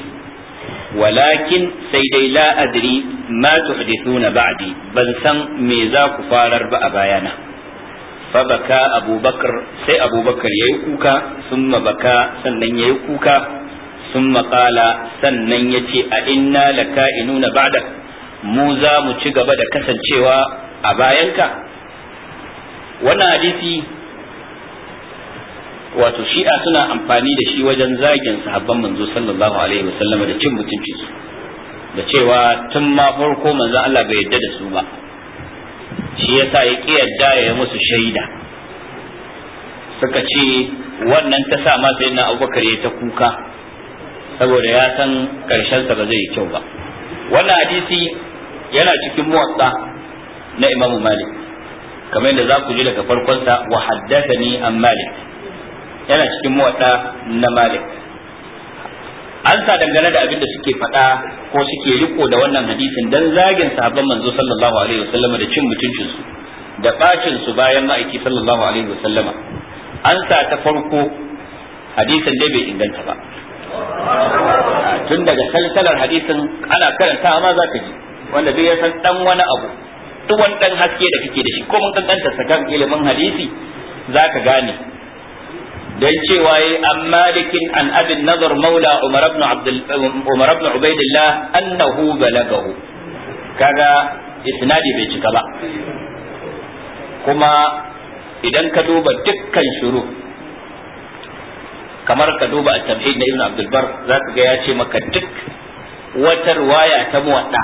walakin sai dai la adri ma tuhdithuna ba'di ban san me za ku farar ba a bayana fa baka abubakar sai abubakar yayi kuka summa baka sannan yayi kuka summa qala sannan yace a inna laka'inuna ba'dak mu za mu ci gaba da kasancewa a bayanka wannan hadisi wato shi'a suna amfani da shi wajen zagin sahabban manzo sallallahu alaihi wasallam da cin mutuncin su da cewa tun ma farko manzo Allah bai yadda da su ba shi yasa ya ki yadda ya yi musu shaida suka ce wannan ta sa ma na Abubakar ya ta kuka saboda ya san karshen sa ba zai yi kyau ba wannan hadisi yana cikin muwatta na Imam Malik kamar yadda za ku ji daga farkonsa sa wa haddathani an Malik yana cikin muwadda na malik an sa dangane da abin da suke faɗa ko suke riko da wannan hadisin dan zagin sahabban manzo sallallahu alaihi wasallama da cin mutuncin su da bacin su bayan ma'aiki sallallahu alaihi wasallama an sa ta farko hadisin da bai inganta ba tun daga salsalar hadisin ana karanta ma za ka ji wanda zai san dan wani abu duk wani dan haske da kake da shi ko mun kankanta sakan ilimin hadisi za ka gane dan cewa yi an malikin an abin nazar maula umar ibn ubaidillah annahu balagahu kaga isnadi bai cika ba kuma idan ka duba dukkan shuru kamar ka duba a na ibn Abdulbar za ka ga ya ce maka duk wata ruwaya ta muwadda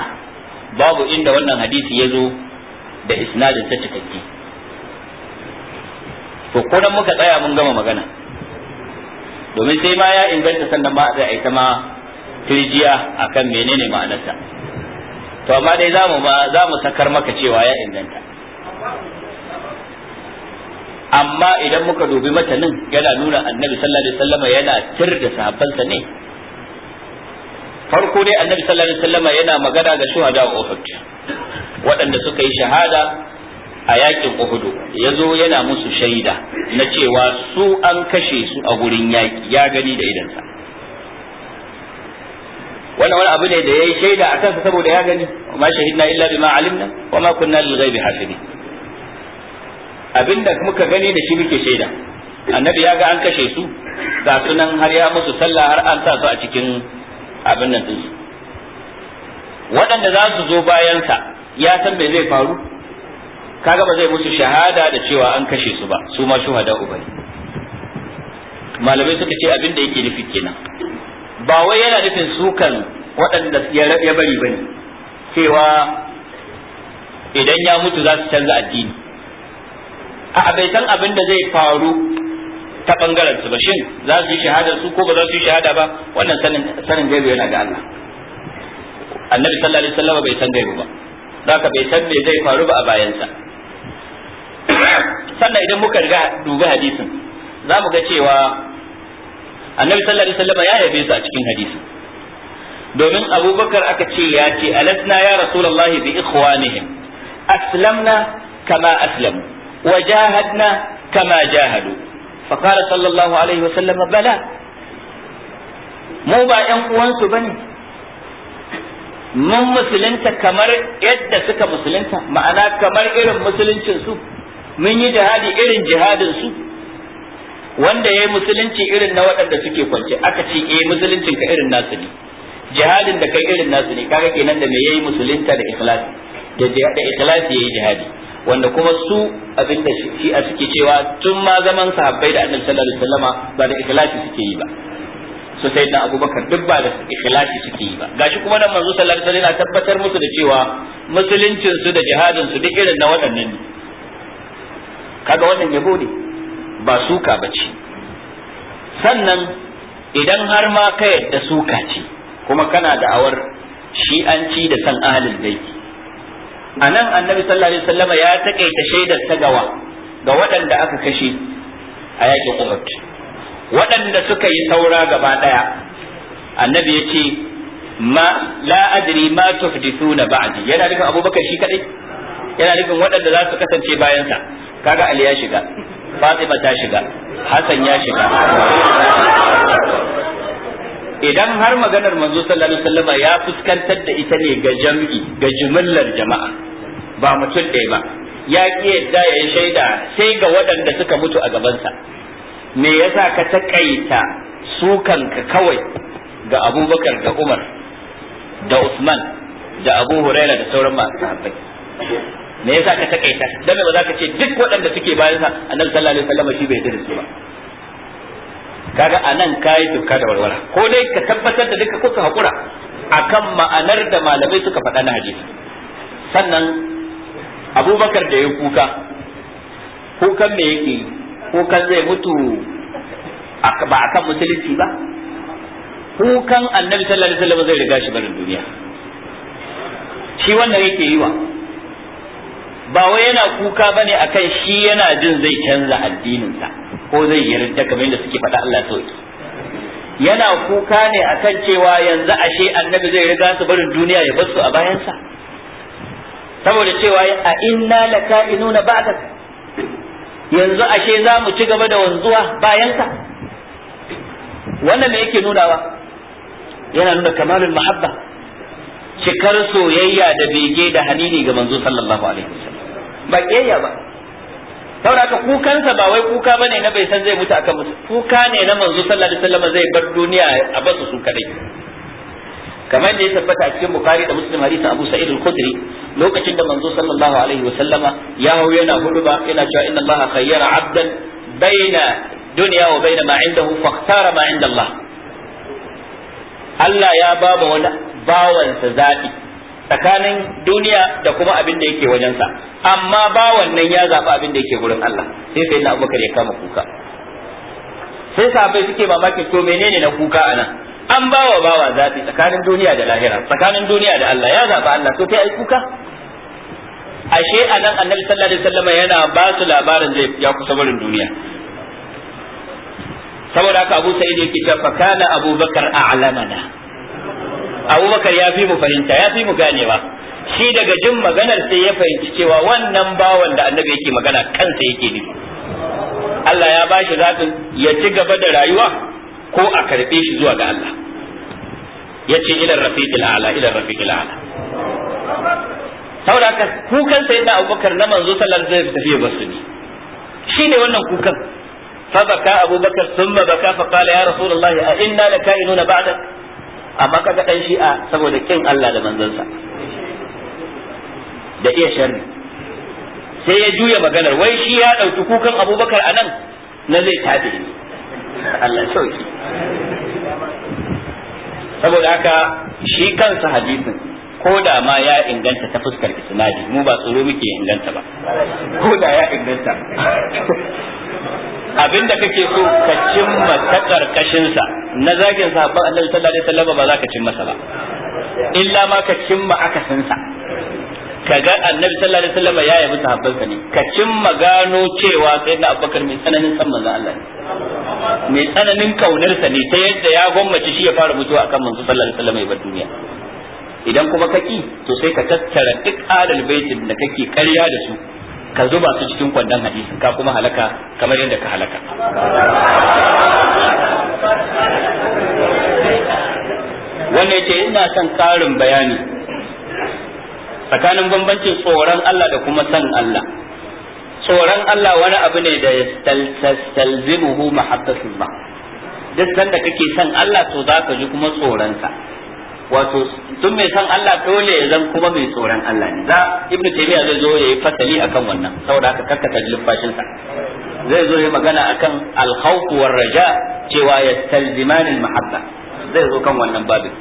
babu inda wannan hadisi ya zo da isnadin ta cikakke to ko muka tsaya mun gama magana domin sai ma ya inganta sannan ba a ita ma firjiya akan menene ma'anarsa to amma dai za mu za mu sakar maka cewa ya inganta amma idan muka dubi matanin yana nuna annabi sallallahu alaihi wasallam yana tir da sahabbansa ne farko dai annabi sallallahu alaihi wasallam yana magana ga shuhada wa uhud waɗanda suka yi shahada a yakin uhudu ya zo yana musu shaida na cewa su an kashe su a gurin yaki ya gani da idansa wannan wani abu ne da ya yi shaida a kansa saboda ya gani ma shahidna illa bima alimna wa ma kunna lil ghaibi hafidin abinda muka gani da shi muke shaida annabi ya ga an kashe su ga sunan har ya musu sallah har an sa su a cikin abin nan din waɗanda za su zo bayansa ya san me zai faru kaga ba zai musu shahada da cewa an kashe su ba su ma shuhada uba ne malamai suka ce abin da yake nufi kenan ba wai yana nufin sukan waɗanda ya bari ba ne cewa idan ya mutu za su canza addini a bai san abin da zai faru ta bangaren su ba shin za su yi shahada su ko ba za su yi shahada ba wannan sanin yana ga Allah annabi sallallahu alaihi wasallam bai san gaibe ba zaka bai san me zai faru ba a bayansa sannan idan muka riga dubi hadisin za mu ga cewa annabi sallallahu alaihi wasallam ya yabe su a cikin hadisin domin abubakar aka ce ya ce alasna ya rasulullahi bi ikhwanihim aslamna kama aslamu wa jahadna kama jahadu فقال صلى الله عليه وسلم بلى mu ba ‘yan uwansu ba ne, mun musulunta kamar yadda suka musulunta ma'ana kamar irin musuluncin su mun yi jihadi irin jihadin su wanda ya yi musulunci irin na waɗanda suke kwance aka ce eh musuluncin ka irin nasu ne jihadin da kai irin nasu ne kaga kenan da me yayi musulunta da ikhlasi da da ikhlasi yayi jihadi wanda kuma su abinda shi a suke cewa tun ma zaman sahabbai da annabi sallallahu alaihi wasallama ba da ikhlasi suke yi ba su sai da abubakar duk ba da ikhlasi suke yi ba gashi kuma nan manzo sallallahu alaihi wasallam tabbatar musu da cewa musuluncin su da jihadin su duk irin na waɗannan ne kaga wannan yabo ne ba suka bace sannan idan har ma ka yadda suka ce kuma kana da da'awar shi'anci da san ahlul baiti anan annabi sallallahu alaihi wasallam ya takaita shaidar ta gawa ga waɗanda aka kashe a yakin Uhud waɗanda suka yi saura gaba ɗaya annabi ya ce ma la adri ma na ba'di yana nufin abubakar shi kadai yana nufin waɗanda za su kasance bayansa kaga ali ya shiga fatima ta shiga hasan ya shiga idan har maganar manzo sallallahu alaihi wasallama ya fuskantar da ita ne ga jam'i ga jumillar jama'a ba mutum ɗaya ba ya ki yadda ya shaida sai ga waɗanda suka mutu a gabansa me yasa ka takaita sukanka kawai ga abubakar da umar da usman da abu huraira da sauran masu sahabbai me yasa ka takaita dan ba za ka ce duk waɗanda suke bayan sa annabi sallallahu alaihi wasallam shi bai da su ba kaga anan kai duka da warwara ko dai ka tabbatar da duka kuka hakura akan ma'anar da malamai suka faɗa na hadisi sannan abubakar da ya kuka kukan me yake yi kukan zai mutu ba akan musulunci ba kukan annabi sallallahu alaihi wasallam zai riga shi barin duniya shi wannan yake yi wa ba wai yana kuka bane akan shi yana jin zai canza addininsa ko zai yarda kamar yadda suke faɗa Allah sauki yana kuka ne akan cewa yanzu ashe annabi zai riga su barin duniya ya bar su a bayansa saboda cewa a inna laka'inuna ba'daka yanzu ashe za mu ci gaba da wanzuwa bayansa wannan me yake nunawa yana nuna kamalul mahabba cikar soyayya da bege da hanini ga manzo sallallahu alaihi wasallam ba kiyayya ba saboda haka kukansa ba wai kuka bane na bai san zai mutu akan mutu kuka ne na manzo sallallahu alaihi wasallam zai bar duniya a basu su kadai kamar da ya tabbata a cikin bukari da muslim hadisin abu sa'id al-khudri lokacin da manzo sallallahu alaihi wa sallama ya hau yana huduba yana cewa inna allaha khayyara 'abdan baina dunya wa baina ma 'indahu fakhtara ma 'inda allah Allah ya ba wani bawansa zaɓi tsakanin duniya da kuma abin da yake wajensa amma bawan nan ya zaɓi abin da yake gurin Allah sai sai na abubakar ya kama kuka sai sahabbai suke mamakin to menene na kuka anan an ba wa bawa zaɓi tsakanin duniya da lahira tsakanin duniya da Allah ya zaɓa Allah to kai ai kuka ashe anan annabi sallallahu alaihi wasallam yana ba su labarin zai ya kusa barin duniya saboda haka Abu Sa'id yake cewa fa kana Abu Bakar a'lamana Abu Bakar ya fi mu fahimta ya fi mu ganewa shi daga jin maganar sai ya fahimci cewa wannan bawan da annabi yake magana kansa yake nufi Allah ya bashi zaɓin ya ci gaba da rayuwa ko a karbe shi zuwa ga Allah ya ce ila rafiqil a'la ila rafiqil a'la saboda haka kukan sai sayyidina Abubakar na manzo sallallahu alaihi wasallam tafiya basu ne shine wannan kukan fa baka Abubakar thumma baka fa qala ya rasulullahi a inna lakainuna ba'dak amma kaga dan a saboda kin Allah da manzansa da iya sharri sai ya juya maganar wai shi ya dauki kukan Abubakar anan na zai tabe Allah sauki saboda haka shi kansa hadisin ko da ma ya inganta ta fuskar isnadi mu ba tsoro muke inganta ba ko da ya inganta abinda kake so ka cimma ta sa na zagin sahabban Allah sallallahu alaihi wasallam ba za ka cimma sa ba illa ma ka cimma sa Ka ga annabi sallallahu alaihi wasallam ya yabi sahabbansa ne ka cimma gano cewa sai da abubakar mai tsananin san manzon Allah ne mai tsananin kaunarsa ne ta yadda ya gwammace shi ya fara mutuwa akan manzon sallallahu alaihi wasallam ya bar duniya idan kuma kaki to sai ka tattara duk adal baitin da kake karya da su ka zuba su cikin kwandon hadisi ka kuma halaka kamar yadda ka halaka wannan ce ina son ƙarin bayani tsakanin bambancin tsoron Allah da kuma san Allah tsoron Allah wani abu ne da yastalzimuhu mahabbatullah duk sanda kake san Allah to za ka ji kuma tsoronsa wato tun mai san Allah dole ya zan kuma mai tsoron Allah ne za ibnu taymiya zai zo yayi fasali akan wannan saboda haka karkata lumfashin sa zai zo yayi magana akan al-khawf war raja cewa yastalziman al-mahabba zai zo kan wannan babin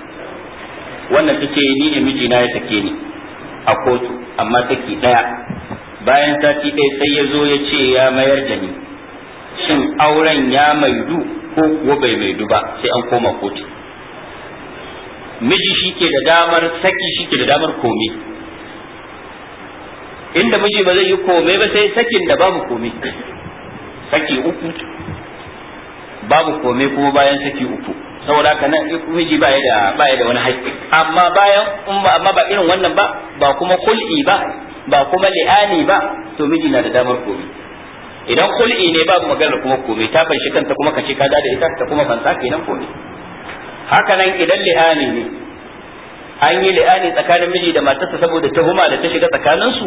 wannan tace ni ne mijina ya take ni a kotu amma take ɗaya bayan sati ɗaya sai ya zo ya ce ya mayar da ni shin auren ya maidu ko kuwa bai maidu ba sai an koma kotu miji shi ke da damar saki shi ke da damar komi inda miji ba zai yi kome ba sai sakin da babu komi saki uku babu kome kuma bayan saki uku saboda haka nan miji ya da ya da wani haƙƙi amma bayan amma ba irin wannan ba ba kuma kul'i ba ba kuma li'ani ba to miji na da damar komai idan kul'i ne babu maganar kuma komai ta fanshi kanta kuma kace ka da ita ta kuma fansa kenan komai haka nan idan li'ani ne an yi li'ani tsakanin miji da matarsa saboda tuhuma da ta shiga tsakaninsu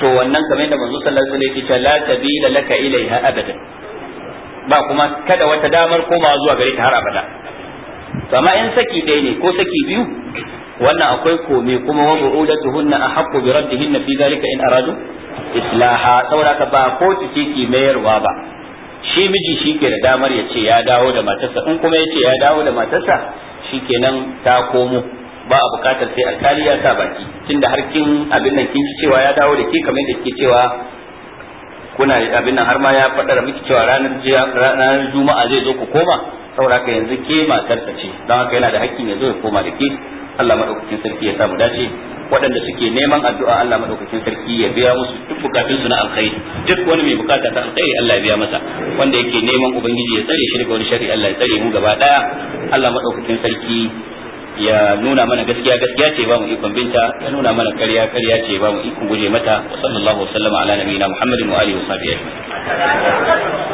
to wannan kamar yadda manzo sallallahu alaihi wasallam ya ce la tabila laka ilaiha abadan ba kuma kada wata damar komawa zuwa gare ta har abada amma in saki ɗaya ne ko saki biyu wannan akwai kome kuma wa bu'udatuhunna ahqqu bi raddihinna fi zalika in aradu islaha saboda ka ba ko ce ki mayarwa ba shi miji shi ke da damar ya ce ya dawo da matarsa in kuma ya ce ya dawo da matarsa shikenan ta komo ba a bukatar sai alkali ya sa baki tunda harkin kin abin nan kin cewa ya dawo da ke kamar da ke cewa kuna abin nan har ma ya faɗa miki cewa ranar ranar juma'a zai zo ku koma saboda haka yanzu ke matar ce don haka yana da hakkin ya zo ya koma da ke Allah madaukakin sarki ya samu dace waɗanda suke neman addu'a Allah madaukakin sarki ya biya musu duk bukatunsu na alkhairi duk wani mai bukata ta alkhairi Allah ya biya masa wanda yake neman ubangiji ya tsare shi daga wani shari'a Allah ya tsare mu gaba daya Allah madaukakin sarki ya nuna mana gaskiya gaskiya ce ba mu ikon binta ya nuna mana ƙarya ƙarya ce ba mu ikon guje mata wa sallallahu wa sallama ala nabiyina muhammadin wa alihi wa sahbihi